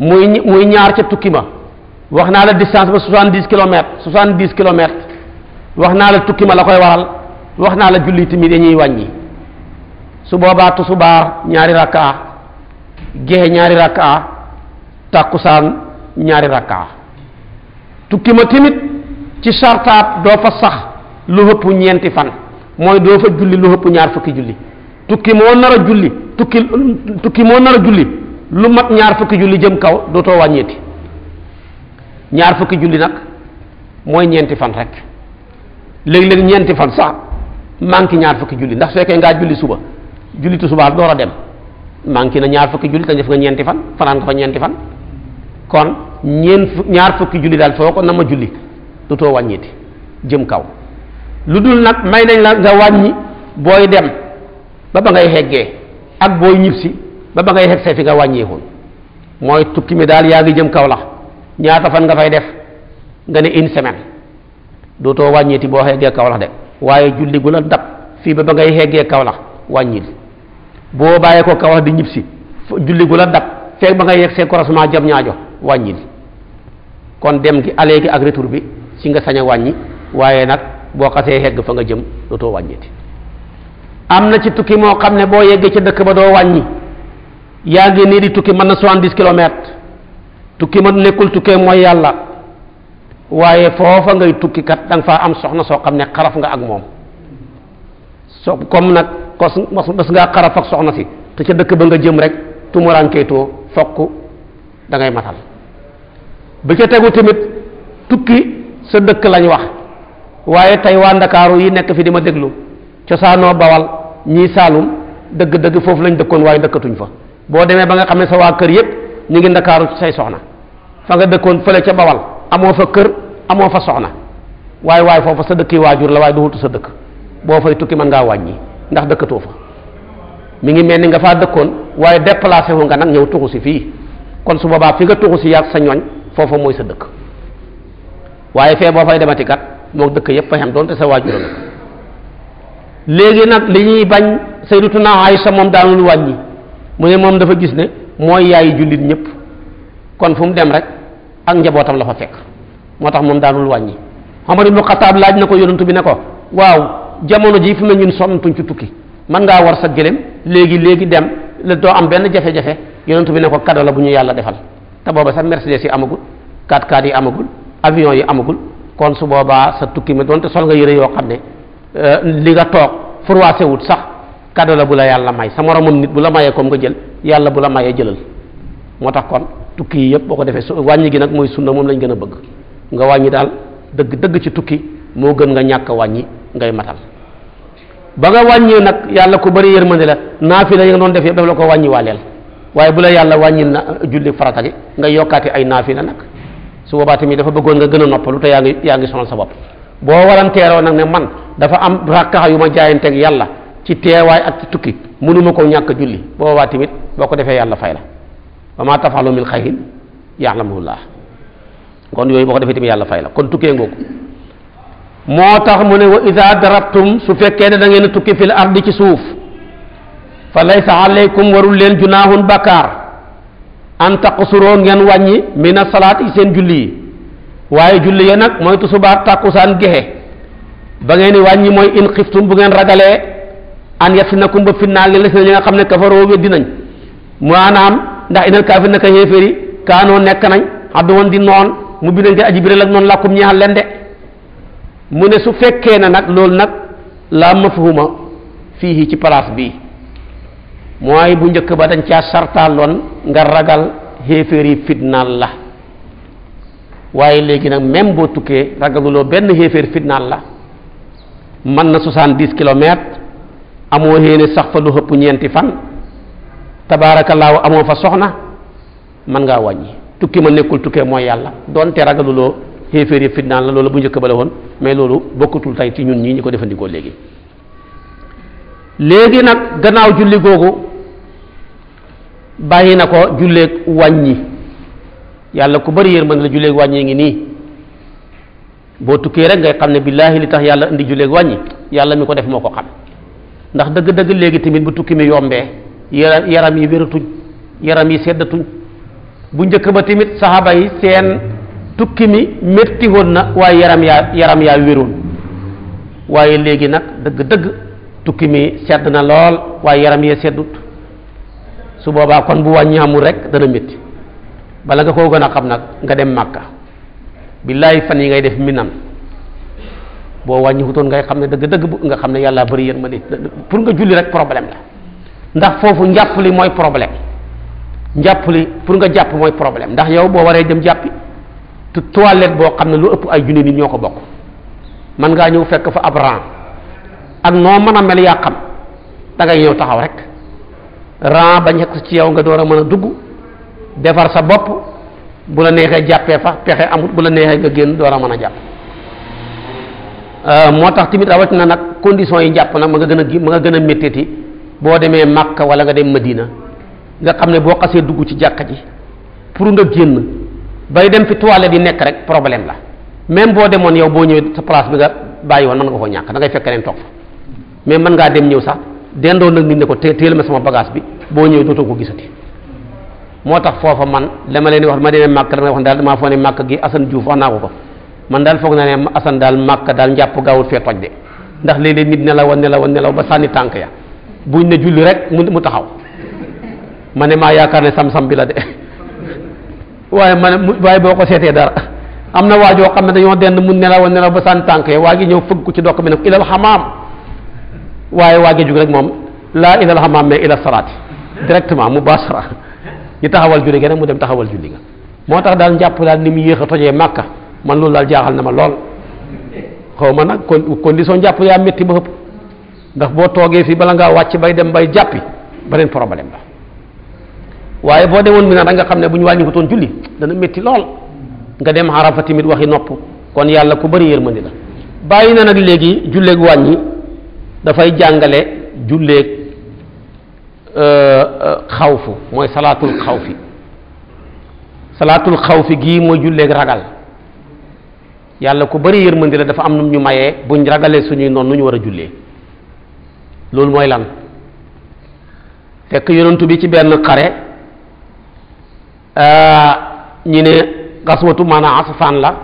muy muy ñaar ca tukki ma wax naa la distance ba 70 km 70 km dix wax naa la tukki ma la koy waral wax naa la julli timi dañuy wàññi su boobaa tusubaar ñaari rakkaa gexe ñaari rakkaa tàkkusaan ñaari rakkaa tukki ma timit ci sartaab doo fa sax lu hëpp ñeenti fan mooy doo fa julli lu hëpp ñaar fukki julli tukki mo nara julli tukki tukki mo nara julli lu mat ñaar fukki julli jëm kaw dootoo wañeti ñaar fukki julli nak moy ñenti fan rek leg leg ñenti fan sax manki ñaar fukki julli ndax fekke nga julli suba julli tu suba door dem manki na ñaar fukki julli te def nga ñenti fan fanan ko fa fan kon ñen ñaar fukki julli dal kon nama na ma julli dootoo wañeti jëm kaw ludul nak may nañ la nga wañi boy dem ba ba ngay xeggee ak booy ñibbisi ba ba ngay xegg fi nga wàññeekul mooy tukki mi daal yaa jëm kaw la ñaata fan nga fay def nga ne une semaine dootoo wàññeeti boo xeggee kaw la de waaye julli gu la dab fii ba ba ngay xeggee kaw la boo bàyyee ko kaw di ñibbisi julli gu la dab feeg ba ngay yegg see croisement jam ñaajo wàññil kon dem gi aller gi ak retour bi ci nga sañ a wàññi waaye nag boo xasee xegg fa nga jëm dootoo wàññeeti am na ci tukki mo xamne ne yegge ci dekk ba do wañi yaa ngi nii di tukki man 70 km tukki man nekul tukke moy yalla waye fofa ngay tukki kat dang fa am soxna so xamne ne xaraf nga ak mom so comme nak kos mas nga xaraf ak soxna si te ci dekk ba nga jëm rek tumurankeytoo fokk da ngay matal bu ci tegu timit tukki sa dekk lañ wax waye tay wa ndakaaru yi nek fi di ma déglu bawal ñii saalum dëgg-dëgg foofu lañ dëkkoon waaye dëkkatuñ fa boo demee ba nga xam ne sa waa kër yëpp ñu ngi ndakaaru say soxna fa nga dëkkoon fële ca bawal amoo fa kër amoo fa soxna waaye waaye foofa sa dëkki waajur la waaye duhutu sa dëkk boo fay tukki man ngaa wàññi ndax dëkkatoo fa mu ngi mel ni nga faa dëkkoon waaye déplacé wu nga nag ñëw tuxu si fii kon su boobaa fi nga tuxu si yàgg sa ñooñ foofa mooy sa dëkk waaye fee boo fay dematikat kat dëkk yëpp fa xam doonte sa waajur la léegi nag li ñuy bañ sayyidatuna Aïsa moom daanul wàññi mu ne moom dafa gis ne mooy yaayu jullit ñëpp kon fu mu dem rek ak njabootam la fa fekk moo tax moom daanul wàññi Omar ibnu Xataab laaj na ko yonantu bi ne ko waaw jamono ji fi mu ne ñun sonnatuñ ci tukki mën ngaa war sa gëléem léegi léegi dem la doo am benn jafe-jafe yonantu bi ne ko kado la bu ñu yàlla defal te booba sa Mercedes yi amagul 4 x yi amagul avion yi amagul kon su boobaa sa tukki mi doonte sol nga yëre yoo xam li nga toog furwaase wut sax kado la bu la yàlla may sama moromam nit bu la mayee comme nga jël yàlla bu la mayee jëlal moo tax kon tukki yi yëpp boo ko defee su wàññi gi nag mooy sunna moom lañ gën a bëgg nga wàññi daal dëgg dëgg ci tukki moo gën nga ñàkk wàññi ngay matal ba nga wàññi nag yàlla ku bëri yërmande la naafila yi nga doon def yëpp daf la ko wàññi waaleel waaye bu la yàlla wàññi na julli farata gi nga yokkaati ay naafila nag su boobaa tamit dafa bëggoon nga gën a noppalu te yaa ngi yaa ngi sonal sa bopp bo waranteeroo nak ne man dafa am rakka yu ma ak yalla ci teway ak ci tukki munuma ko ñak julli bo wa timit boko defé yalla fayla wa ma tafalu min ya'lamu allah kon yoy boko defé defee yalla fayla kon tukke ngoko motax muné wa idha darabtum su fekke ne da ngeen tukki fil ardi ci suuf fa laysa alaykum warul len junahun bakar an taqsurun ngeen wañi min julli waye julli ya nak moy tusuba takusan gehe ba ngeen wañi moy in khiftum bu ngeen ragale an yasnakum bi final li li nga xamne kafaro we dinañ nañ anam ndax inal kafir naka yeferi kaanoo nek nañ addu won di non mu bi nañ ci aji lak non lakum ñaal len de mu ne su fekke na nak lol nak la mafhuma fihi ci place bi moy bu ñeuk ba dañ nga ragal fitnal lah waaye léegi nag même boo tukkee ragaluloo benn xéeféer fitnaal la mën na soixante-dix kilomètres amoo xéene sax fa lu xëpp ñeenti fan tabaarakallaahu amoo fa soxna mën ngaa wàññi tukki ma nekkul tukkee mooy yàlla donte ragaluloo xéeféer yi fitnaal la loolu bu njëkk ba la woon mais loolu bokkatul tey ci ñun ñii ñu ko defandikoo léegi léegi nag gannaaw julli googu bàyyi na ko julleeg wàññi yàlla ku bari yër la juleeg wàññi ngi nii boo tukkee rek ngay xam ne billaahi li tax yàlla indi juleeg wàññi yàlla mi ko def moo ko xam ndax dëgg-dëgg léegi tamit bu tukki mi yombee yaram yaram yi wératuñ yaram yi seddatuñ bu njëkk ba tamit sahaba yi seen tukki mi metti woon na waaye yaram yaa yaram yaa wéroon waaye léegi nag dëgg-dëgg tukki mi sedd na lool waaye yaram seddut su boobaa kon bu wàññi amul rek dana metti bala nga koo gën a xam nag nga dem màkka billaay fan yi ngay def minan boo wàññiwutoon ngay xam ne dëgg-dëgg bu nga xam ne yàlla bari yéen ma ni pour nga julli rek problème la ndax foofu njàpp li mooy problème njàpp li pour nga jàpp mooy problème ndax yow boo waree dem jàppi te toilette boo xam ne lu ëpp ay junni nit ñoo ko bokk mën ngaa ñëw fekk fa ab rang ak noo mën a mel yaa xam da ngay ñëw taxaw rek rang ba nekk ci yow nga door a mën a dugg defar sa bopp bu la neexee jàppee fa pexe amut bu la neexee nga génn door a mën a jàpp euh, moo tax tamit rawat na nag conditions yi jàpp nag ma nga gën a ma nga gën a méttiti boo demee Makka wala nga dem Madina nga xam ne boo xasee dugg ci jàkka ji pour nga génn bay dem fi toilette yi nekk rek problème la même boo demoon yow boo ñëwee sa place bi nga bàyyi woon mën nga ko ñàkk da ngay fekk keneen toog fa mais mën ngaa dem ñëw sax dendoo nag nit ne ko té téel ma sama bagage bi boo ñëwee dootoo ko gisati moo tax foofa man la ma leen wax ma demee màkk damay wax daal damaa foog ne màkk gi Assane Diouf wax naa ko ko man daal foog naa ne Assane daal màkk daal njàpp gaawul fee toj de ndax léeg-léeg nit nelaw nelaw nelaw ba sànni tànk ya buñ ne julli rek mu taxaw ma ne maa yaakaar ne sam-sam bi la de waaye ma ne waaye boo ko seetee dara am na waajoo xam ne dañoo dend mu nelaw nelaw ba sànni tànk ya waa gi ñëw fëgg ko ci dokk bi ne ko ilal xamaam waaye waa gi jug rek moom laa ilal xamaam mais ilal salaati directement mu basara ñi taxawal julli gene mu dem taxawal julli ga motax dal japp dal daal ni mu yéex a tojee man lool dal jaaxal na ma lool xawma nak condition japp ya metti ba ëpp ndax bo toge fi bala nga wacc bay dem bay jappi benen problème la waye bo demone mi na da nga xamne buñu ko ton julli dana metti lool nga dem waxi nopp kon yalla ku bari yermandi la wañi da fay jangale Euh, euh, xawfu mooy salaatul xawfi salaatul xawfi gii mooy julleeg ragal yàlla ku bari yërmandi la dafa am nu ñu mayee buñ ragalee suñuy noonu nu ñu war a jullee loolu mooy lan fekk yonentu bi ci benn xare euh, ñi ne xaswatu maanaam asfaan la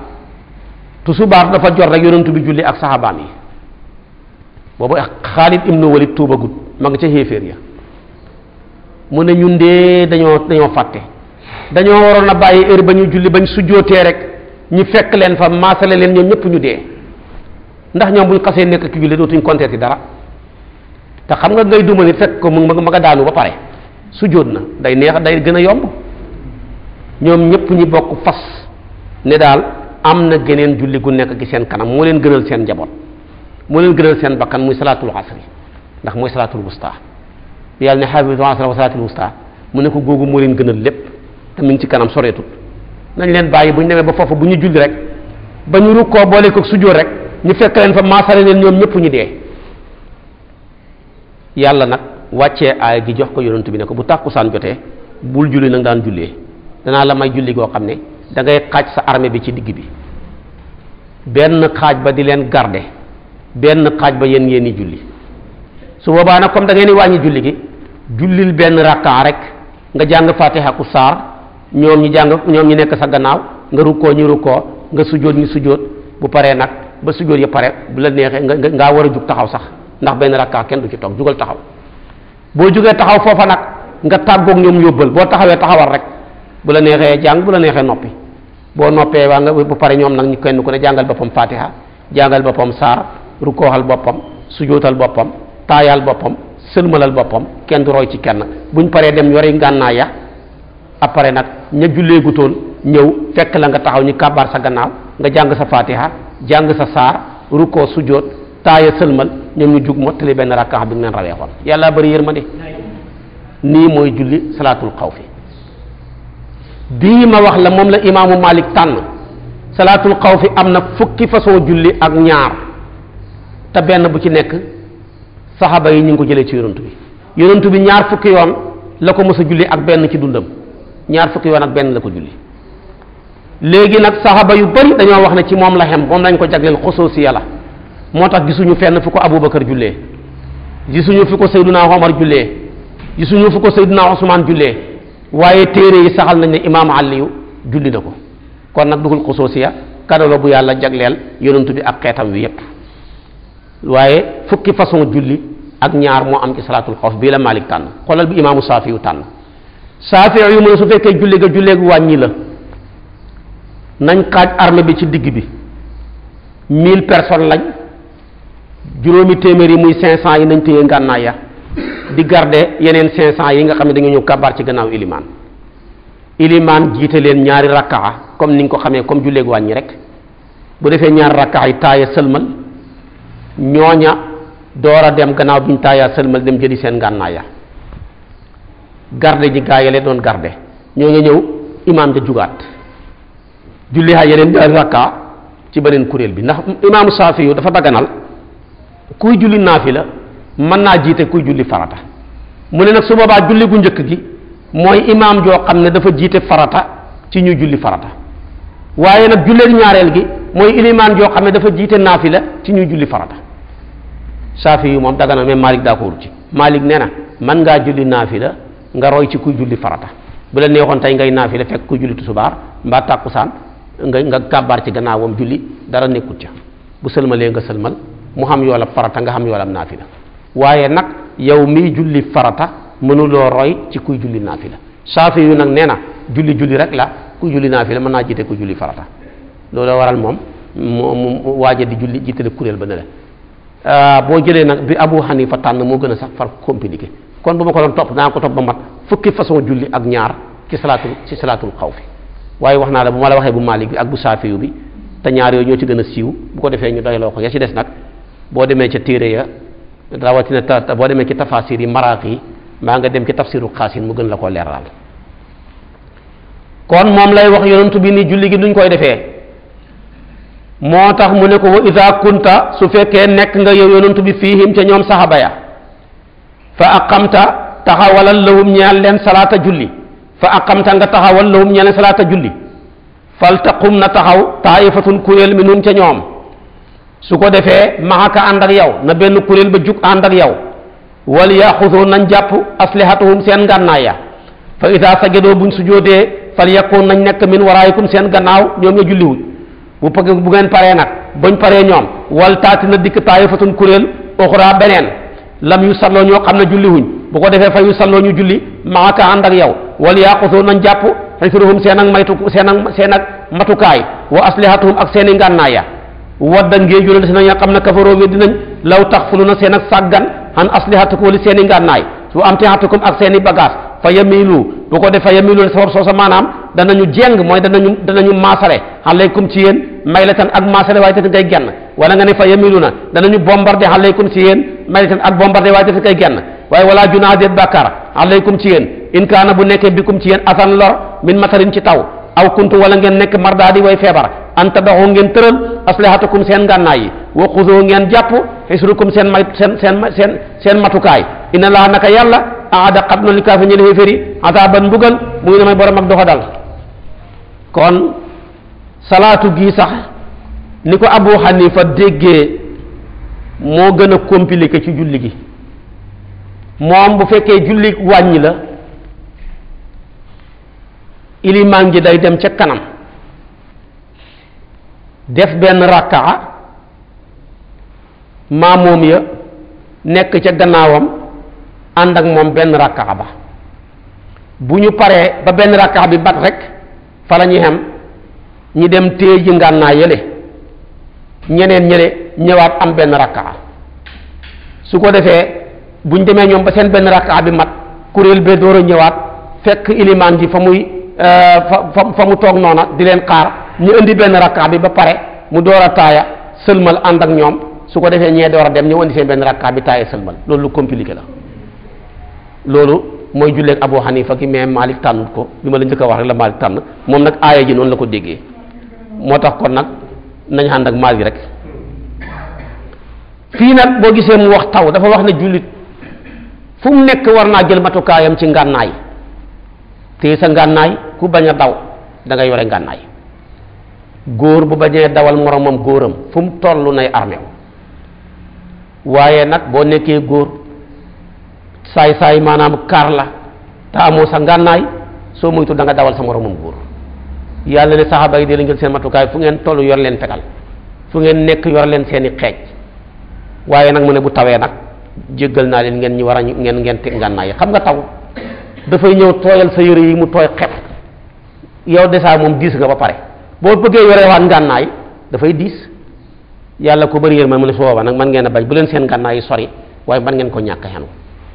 tusubaar dafa jot rek yonentu bi julli ak saxaabaam yi boobu Xaalid ibnu Walid tuubagut ma nga ca xéeféer ya mu ne ñun de dañoo dañoo fàtte dañoo waroon a bàyyi heure ba ñu julli bañ sujjootee rek ñu fekk leen fa maasale leen ñoom ñëpp ñu dee ndax ñoom buñ xasee nekk ki julli dootuñ compter ci dara te xam nga ngay duma ni fekk ko mu ma nga daanu ba pare sujjoot na day neex day gën a yomb ñoom ñëpp ñi bokk fas ne daal am na geneen julli gu nekk gi seen kanam moo leen gënal seen njaboot moo leen gënal seen bakkan muy salaatul asri ndax mooy salaatul wustaa yàlla ne xaafisu ala salawaati wusta mu ne ko googu moo leen gënal lépp te mu ngi kanam soreetul nañ leen bàyyi bu demee ba foofu bu ñu julli rek ba ñu rukkoo boole ko sujjóot rek ñu fekk leen fa maasale leen ñoom ñëpp ñu dee yàlla nag wàcce aay di jox ko yonent bi ne ko bu tàkku tàkkusaan jotee bul julli nag daan jullee danaa la may julli koo xam ne dangay xaaj sa armée bi ci digg bi benn xaaj ba di leen garder benn xaaj ba yéen yéen i julli su boba nak comme da ngeen di wàññi julli gi jullil ben rakka rek nga jang fatiha ku sar ñom ñu jang ñom ñu nek sa gannaaw nga rukkoo ñu rukkoo nga sujjoot ñu bu nak ba ya pare bu la neexee nga ngaa war taxaw sax ndax ben rakka kenn du ci tok jugal taxaw bo jugee taxaw fofa nak nga tàggoog ñom yobbal bo taxawé taxawal rek bu la neexee jang bu la neexee nopi bo noppee wa nga bu pare ñom nak ñu kenn ku ne jangal bopam fatiha sar boppam saar rukkooxal boppam sujjootal bopam taayaal boppam sëlmalal boppam kenn du roy ci kenn buñ paree dem yori ngànnaa ya après nag ña julleegutoon ñëw fekk la nga taxaw ñu kàbbaar sa gannaaw nga jàng sa fatiha jàng sa saar rukkoo sujjóot taaya sëlmal ñoom ñu jug mottali benn rakkaa bi nga leen rawee xoon yàlla bari yërmande nii mooy julli salaatul xawfi bii ma wax la moom la imaamu Malik tànn salaatul xawfi am na fukki façon julli ak ñaar te benn bu ci nekk saxaaba yi ñu ngi ko jëlee ci yonantu bi yonantu bi ñaar fukki yoon la ko mës a julli ak benn ci dundam ñaar fukki yoon ak benn la ko julli léegi nag saxaaba yu bari dañoo wax ne ci moom la xem moom lañ ko jagleel xusuusiya la moo tax gisuñu fenn fu ko Aboubacar jullee gisuñu fu ko Seydunaa Omar jullee gisuñu fu ko Seydunaa Ousmane jullee waaye téere yi saxal nañ ne imaam Aliyu julli na ko kon nag dugul xusuusiya kadalo bu yàlla jagleel yonantu bi ak xeetam wi yépp waaye fukki façon julli ak ñaar moo am ci salatul xawf bii la malik tan xolal bi imaamu saafi yu tànn saafi yu mu su fekkee julli ga julleeg wàññi la nañ xaaj arme bi ci digg bi mille personnes lañ juróomi téeméer yi muy cinq cent yi nañ téye ngànnaay ya di garde yeneen cinq cent yi nga xam ne da nga ñëw kabaar ci gannaaw iliman iliman jiite leen ñaari rakkaa comme niñ ko xamee comme julleeg wàññi rek bu defee ñaari rakkaa yi taaye sëlmal ñooña door a dem gannaaw bi ñu taayaa sëlmal dem jëli seen ngànnaaya garde ji gaa doon garde ñoo ngi ñëw imaam ja jugaat julli haa yeneen ñaari rakka ci beneen kuréel bi ndax imaamu saafi yu dafa daganal kuy julli naafila mën naa jiite kuy julli farata mu ne nag su boobaa julli gu njëkk gi mooy imaam joo xam ne dafa jiite farata ci ñuy julli farata waaye nag julleeg ñaareel gi mooy ilimaan joo xam ne dafa jiite naafila ci ñuy julli farata saafi yu moom daganal mais Malik d'accord ci Malik nee na man ngaa julli naafila nga roy ci kuy julli farata bu la neexoon tey ngay naafila fekk kuy julli tusubaar mbaa tàkkusaan nga nga kàbbaar ci gannaawam julli dara nekkut ca bu sëlmalee nga sëlmal mu xam yoolab farata nga xam yoolab naafila waaye nag yow miy julli farata mënuloo roy ci kuy julli naafila saafi yu nag nee na julli julli rek la kuy julli naafila mën naa jiite kuy julli farata loolu waral moom mu mu di julli jiitale kuréel ba ne Euh, boo jëlee nag bi Abu Hanifa tànn moo gën a sax far compliqué kon bu ma ko doon topp naa ko topp ba mat fukki façon julli ak ñaar ci salaatul ci salaatul xaw fi waaye wax naa la bu ma la waxee bu Maalik bi ak bu Saafiyu bi te ñaar yooyu ñoo ci gën a siiw bu ko defee ñu doyloo ko ya ci des nag boo demee ca téere ya rawatina ta boo demee ci tafasir yi maraaq yi maa nga dem ci tafsiru xaasin mu gën la koo leeral kon moom lay wax yonentu bi ni julli gi duñ koy defee moo tax mu ne ko wa ida kunta su fekkee nekk nga yow yonantu bi fiihim ca ñoom saxaba ya fa aqamta taxawalal lahum ñeel leen salaata julli fa aqamta nga taxawal lahum ñeel leen salaata julli fal taqum na taxaw taayifatun kuréel mi nun ca ñoom su ko defee maxaka ànd ak yow na benn kuréel ba jug ànd ak yow wal yaxudu nañ jàpp aslihatuhum seen ngànnaay ya fa ida sajadoo buñ sujoodee fal yakun nañ nekk min waraayikum seen gannaaw ñoom ña julliwuñ bu pëgg bu ngeen paree nag bañ paree ñoom wal taati na dikk taayifatun kuréel oxra beneen lam yu salloo ñoo xam ne julli wuñ bu ko defee fa yu salloo ñu julli maaka ànd ak yow wala yaaqutu nañ jàpp xisruhum seen ak maytu seen ak seen ak matukaay wa aslihatuhum ak seen i ngànnaaya wadda ngee jula na nañ xam ne kafaroo bi dinañ law na seen ak sàggan an aslihatukum wali seen i ngànnaay su am teatukum ak seeni i bagage fa yamilu bu ko defee yamiluuna sabab soosa maanaam danañu jeng mooy danañu danañu maasale alaykum ci yéen maylatan ak maasale waaye tamit ngay genn wala nga ne fa yamiluuna danañu bombardé alaykum ci yéen maylatan ak bombardé waaye tamit ngay genn waaye walaa junaa déet bàkkaar alaykum ci yéen in kaana bu nekkee bikum ci yéen asan lor min matarin ci taw aw kuntu wala ngeen nekk mardaadi way feebar an tadaxu ngeen tëral aslihatakum seen ngànnaay yi wa xuzoo ngeen jàpp xisrukum seen may seen seen seen seen matukaay ina laa naka yàlla aada xat na li kaafa ñe defee féri azaban mbugal mu ngi ne may borom ak doxa dal kon salaatu gi sax ni ko Abu Hanifa déggee moo gën a compliqué ci julli gi moom bu fekkee julli wàññi la ilimaan gi day dem ca kanam def benn rakkaa maamoom ya nekk ca gannaawam ànd ak moom benn rakkaxa ba bu ñu paree ba benn rakkaxa bi bat rek fa la ñuy xam ñi dem téye ji ngànnaa yële ñeneen ñële ñëwaat am benn rakkaxa su ko defee bu ñu demee ñoom ba seen benn rakkaxa bi mat kuréel bee door a ñëwaat fekk ilimaan ji fa muy euh, fa fa mu toog noona di leen xaar ñu indi benn rakkaxa bi ba pare mu door a taaya sëlmal ànd ak ñoom su ko defee ñee door a dem ñëw indi seen benn rakkaxa bi taaya sëlmal loolu lu compliqué la loolu mooy julleeg Abu Hanifa ki mais Malik tànn ko bi ma la njëkk a wax rek la Malik tànn moom nag aaya ji noonu la ko déggee moo tax ko nag nañ ànd ak Malik rek fii nag boo gisee mu wax taw dafa wax ne jullit fu mu nekk war naa jël matukaayam ci ngànnaay te sa ngànnaay ku bañ a daw dangay nga ngànnaay góor bu bañee dawal moromam góoram fu mu toll nay armeew waaye nag boo nekkee góor say say manam kaar la te amoo sa ngànnaay soo moytu da nga dawal sa ya, lele sahaba yalla ne sahaba yi de la sen matukaay fu ngeen toll yor len tegal fu ngeen nek yor len sen xej waye nak mune bu tawé nak jéggal na len ngeen ñi wara ngeen ngeen te ngannaay xam nga taw fay ñew toyal sa yëre yi mu toy xep yow sa gis nga ba pare boo bëggee yorewaat ngànnaay dafay diis yàlla ya, ko bëri yër ma mu ne soowa nak man ngeen bañ bu len sen ngannaay sori waye man ngeen ko ñàkk xanu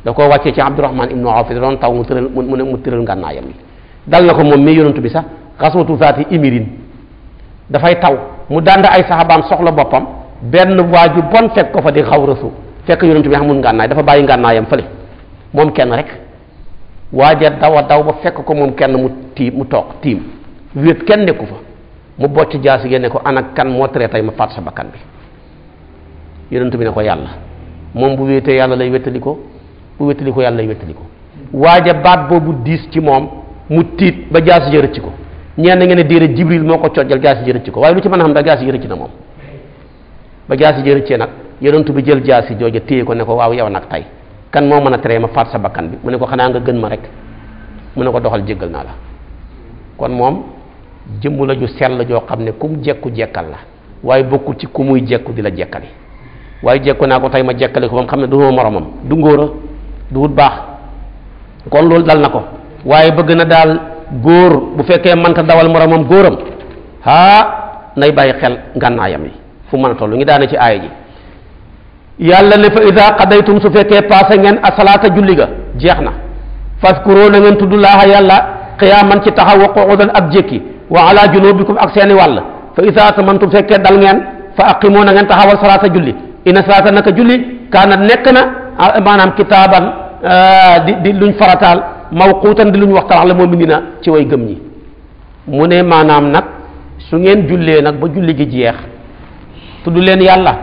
da koo wàccee ci abdurahman ibnu awf da doon taw mu tëral mu mu tëral ngànnaayam li dal na ko moom mi yonantu bi sax xaswatu zaati imirin dafay taw mu dànd ay saxabaam soxla boppam benn waaju bon fekk ko fa di xaw rasu fekk yonantu bi xamul ngànnaay dafa bàyyi ngànnaayam fële moom kenn rek waaja daw a daw ba fekk ko moom kenn mu tiim mu toog tiim wéet kenn nekku fa mu bocc jaasi génne ko ana kan moo tere ma faat sa bi yonantu bi ne ko yàlla moom bu wéetee yàlla lay wéttali ko ku wéttaliku yàlla lay wéttaliku waaja baat boobu diis ci moom mu tiit ba jaasi ja rëcc ko ñeen ngeen ne déedéet jibril moo ko cojjal jaasi ja rëcc ko waaye lu ci mën a xam da ja rëcc ba jaasi ja rëccee nag yonent bi jël jaasi jooja téye ko ne ko waaw yow nag tey kan moo mën ma faat sa bakkan bi mu ne ko xanaa nga gën ma rek ko doxal jéggal naa la kon moom jëmm la ju sell joo xam ne kum jekku jekkal la waaye bokkul ci ku muy jekku di la jekkali waaye jekku naa ko tey ma jekkali ko ba xam ne du ma moromam du ngóora duut baax kon loolu dal na ko waaye bëgg na daal góor bu fekkee man ta dawal moromam góoram ha nay bàyyi xel ngànnaayam yi fu mën a toll ngi daana ci aaya ji yàlla ne fa ida qadaytum su fekkee passé ngeen asalaata julli ga jeex na faskuroo na ngeen tudd laaha yàlla qiyaaman ci taxaw wa quudan ak jékki wa ala junubikum ak seeni wàll fa ida tamantum fekkee dal ngeen fa aqimoo na ngeen taxawal salaata julli ina salaata naka julli kaana nekk na ah, maanaam kitaaban Ah, di di luñ farataal mawquutan di luñ waxtaan la moom na ci way gëm ñi mu ne maanaam nag su ngeen jullee nag ba julli gi jeex tudd leen yàlla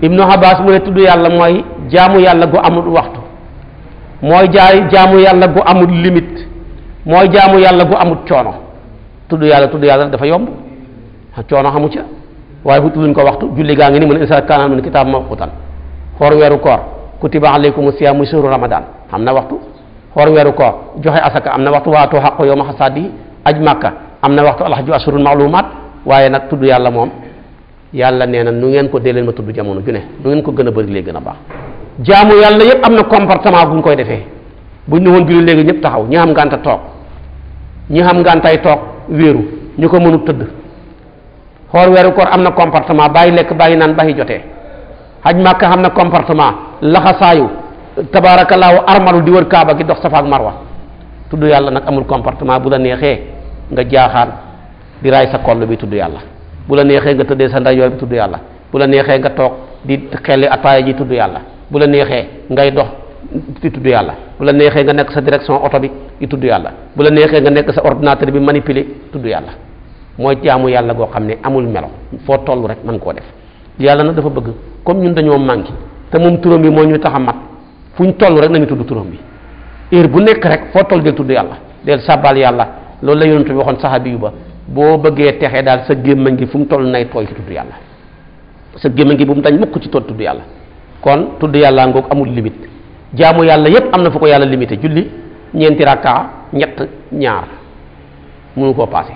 ibnu Abbas mu ne tudd yàlla mooy jaamu yàlla gu amul waxtu mooy jaay jaamu yàlla gu amul limite mooy jaamu yàlla gu amul coono tudd yàlla tudd yàlla dafa yomb coono xamu ca waaye bu tudduñ ko waxtu julli gaa ngi ni mu ne isa kaanaan mu ne kitaab mawquutan xoor weeru koor kutiba alaykum siyaamu shahru ramadan am na waxtu xoor weeru koor joxe asaka am na waxtu waatoo xaq yow ma xasaadi aj màkka am na waxtu alxaju ashurul maalumaat waaye nag tudd yàlla moom yàlla nee na nu ngeen ko dee ma tudd jamono ju ne ngeen ko gën a bëri léegi gën a baax jaamu yàlla yépp na comportement bu koy defee bu ñu woon julli léegi ñëpp taxaw ñi xam ngànta toog ñi xam ngàntay toog wéeru ñu ko mënu tëdd xoor weeru koor am na comportement bàyyi lekk bàyyi naan bàyyi jotee aj makka xamna comportement la laxasaayu tabarakallah armalu di wër kaaba gi dox safa ak marwa tuddu yalla nak amul comportement bu la nexé nga jaaxaan di ray sa kollu bi tuddu yalla bu la nexé nga tëddee sa ndayoor bi tuddu yalla bu la nexé nga tok di xelli ataya ji tuddu yalla bu la nexé ngay dox di tuddu yalla bu la nexé nga nek sa direction auto bi di tuddu yalla bu la nexé nga nek sa ordinateur bi manipuler tuddu yalla moy jaamu yalla go xamné amul melo fo tollu rek man ko def yàlla nag dafa bëgg comme ñun dañoo manqué te moom turam bi moo ñu tax a mat fu toll rek nañu tudd turam bi heure bu nekk rek foo toll del tudd yàlla del sàbbaal yàlla loolu la yonent bi waxoon saxaabi yu ba boo bëggee texe daal sa gémmañ gi fu mu toll nay tooy ci tudd yàlla sa gémmañ gi bu mu dañ mukk ci tool tudd yàlla kon tudd yàlla ngoog amul limite jaamu yàlla yépp am na fu ko yàlla limité julli ñeenti rakka ñett ñaar mënu koo passé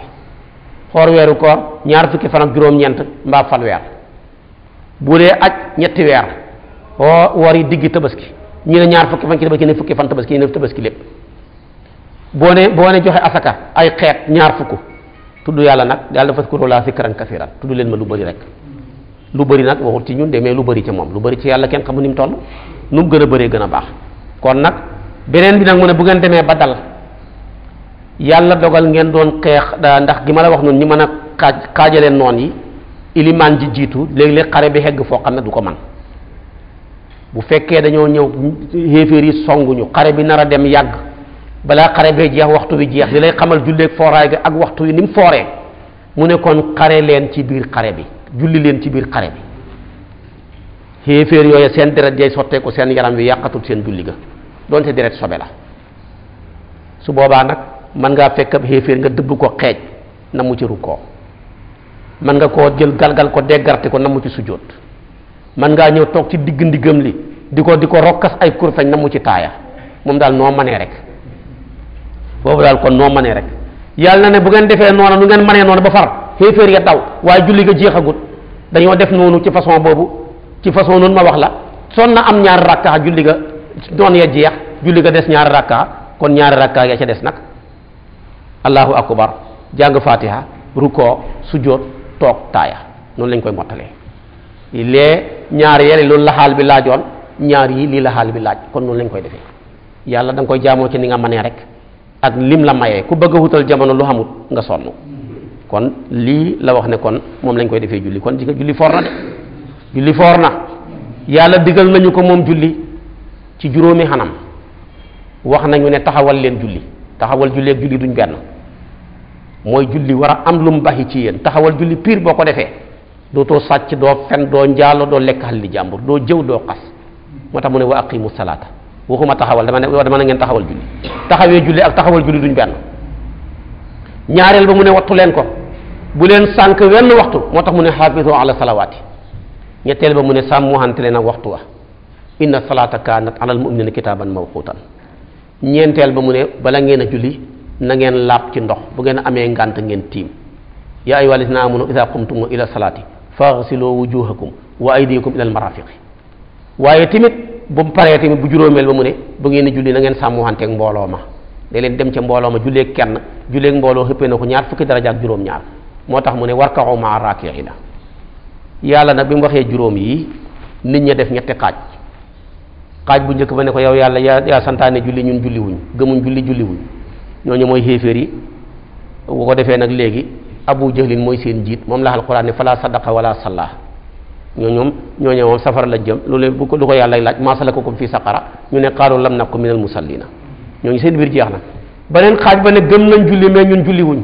xoor weeru koor ñaar fukki fan ak juróom-ñeent mbaa fanweer bude aj ñetti weer oh, woor yi diggi tabaski ñi ne ñaar fukki fan ci tabaski ne fukki fan tabaski ne tabaski lepp boo ne joxe asaka ay xet ñaar fukku tuddu yalla nak yàlla dafa kuro laa sikran kasiran tuddu len ma lu bari rek lu bari nak waxul ci ñun de mais lu bari ci mom lu bari ci yalla ken xamu nim toll num gëna gën gëna bax kon nak benen bi nak mu ne bu ba dogal ngeen doon ndax gi mala wax non ñi mëna kaajale non yi ilimaan ji jiitu léegi léeg xare bi xegg foo xam ne du ko man bu fekkee dañoo ñëw xéeféer yi songuñu xare bi nar a dem yàgg balaa xare bee jeex waxtu bi jeex li lay xamal julleeg fooraay ga ak waxtu wi ni mu fooree mu ne kon xare leen ci biir xare bi julli leen ci biir xare bi xéeféer yooyu seen deret jay sottee seen yaram wi yàqatul seen julli ga doonte deret sobe la su boobaa nag mën ngaa fekk ab xéeféer nga dëbb ko xeej na mu ci rukkoo mën nga koo jël galgal ko deggarti ko namu ci sujjóot mën ngaa ñëw toog ci digg ndiggam li di ko di ko rokkas ay kurfeñ namu ci taaya moom daal noo manee rek boobu daal kon noo manee rek yàlla na ne bu ngeen defee noonu nu ngeen manee noonu ba far xéeféer ya daw waaye julli ga jeexagut dañoo def noonu ci façon boobu ci façon noonu ma wax la son na am ñaari rakka julli ga noonu ya jeex julli ga des ñaari rakka kon ñaari rakka ya ca des nag allahu akbar jàng fatiha ruko sujjóot tok taya, non lañ koy motalé ilé ñaar yéli loolu la hal bi laajoon ñaar yi li la hal bi laaj kon non lañ koy défé yalla dang koy jamo ci ni nga mané rek ak lim la mayé ku bëgg wutal jamono lu xamut nga sonu kon li la wax né kon mom lañ koy défé julli kon jika julli forna dé julli forna yalla digal nañu ko mom julli ci juroomi hanam wax nañu né taxawal leen julli taxawal julli ak julli duñ benn mooy julli war a am lu mu baxi ci yéen taxawal julli piir boo ko defee dootoo sàcc doo fen doo njaalo doo lekk xal li jàmbur doo jëw doo xas moo tax mu ne wa aqimu salaata waxuma taxawal dama ne dama ne ngeen taxawal julli taxawee julli ak taxawal julli duñ benn ñaareel ba mu ne wattu leen ko bu leen sànq wenn waxtu moo tax mu ne xaafidu ala salawaati ñetteel ba mu ne sàmmuwante leen ak waxtu wa inna salaata kaanat alal muminina kitaaban mawquutan ñeenteel ba mu ne bala ngeen a julli na ngeen laab ci ndox bu ngeen amee ngant ngeen tiim ya ayuha alladina amanu ida qumtum ila salati faghsilu wujuhakum wa aydikum ila almarafiqi waaye timit bu mu paree tamit bu juróomeel ba mu ne bu ngeen di julli na ngeen sàmmuwante ak mbooloo ma da leen dem ca mbooloo ma julleeg kenn julleeg mbooloo xëppee na ko ñaar fukki daraja ak juróom ñaar moo tax mu ne war kaxoo maa raakiina yàlla nag bi mu yi nit ña def ñetti xaaj xaaj bu njëkk ba ne ko yow yàlla yaa santaane julli ñun julli wuñ gëmuñ julli julli wuñ ñooñu mooy xéeféer yi bu ko defee nag léegi abu jahlin mooy seen jiit moom la alquran ne fala sadaqa wala salla ñoo ñoom ñooñu moom safara la jëm loolu bu ko lu yàlla laaj masalakakum fi saqara ñu ne qaalu lam naku minal musallina ñooñu seen biir jeex na beneen xaaj ba ne gëm nañ julli mais ñun julliwuñ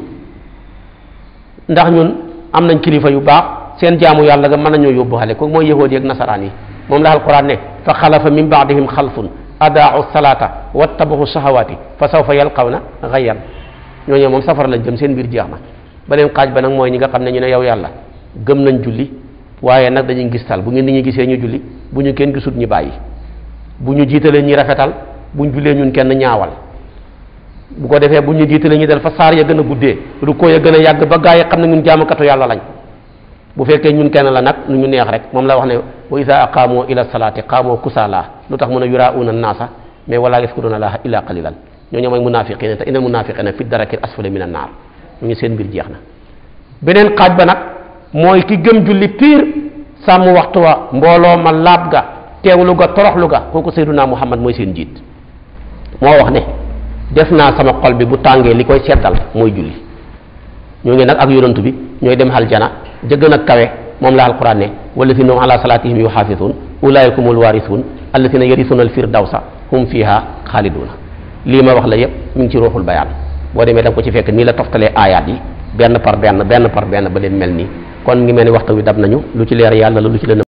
ndax ñun am nañ kilifa yu baax seen jaamu yàlla nga mën nañoo yóbbu xale ko mooy yahood yi ak nasaraan yi moom la alquran ne fa xalafa min baadihim adaa'u salata wattabahu shahawati fa sawfa yalqawna ghayyan ñoo ñoom safar la jëm seen bir jeex na beneen xaaj ba nak moy ñi nga xamne ñu ne yow yalla gëm nañ julli waye nak dañuy gis tal bu ngeen ni ñi gisee ñu julli bu ñu kenn gisut ñu bayyi bu ñu jiitalee ñi rafetal bu ñu julé ñun kenn ñaawal bu ko bu ñu ñi del fa saar ya gëna guddé ko ya gëna a ba gaay ya xamne ñun yalla bu fekkee ñun kenn la nag nu ñu neex rek moom la wax ne wa isa qaamoo ila salaati qaamoo kusaala lu tax mun a yuraa'uuna naasa mais walaa yaskuruuna laaha illaa qalilan ñooñu mooy munaafiqiina te innal munaafiqiina fi darakil asfali mina naar ñu seen mbir jeex na beneen xaaj ba nag mooy ki gëm julli piir sàmm waxtu wa mbooloo ma laab ga teewlu ga toroxlu ga kooku sayyiduna Muhammad mooy seen njiit moo wax ne def naa sama xol bi bu tàngee li koy seddal mooy julli ñoo ngi nag ak yonantu bi ñooy dem aljana جيغ نا كاوي موم لا القران نه على صلاتهم يحافظون اولئك هم الوارثون الذين يرثون الفردوس هم فيها خالدون ليما واخ لا ييب نين سي روحول بيان بو ديمي دا كو فيك ني لا توختالي ايات يي بن بار بن بن بار بن با لين ملني كون ني ملني وقت وي داب لو سي لير يالا لو سي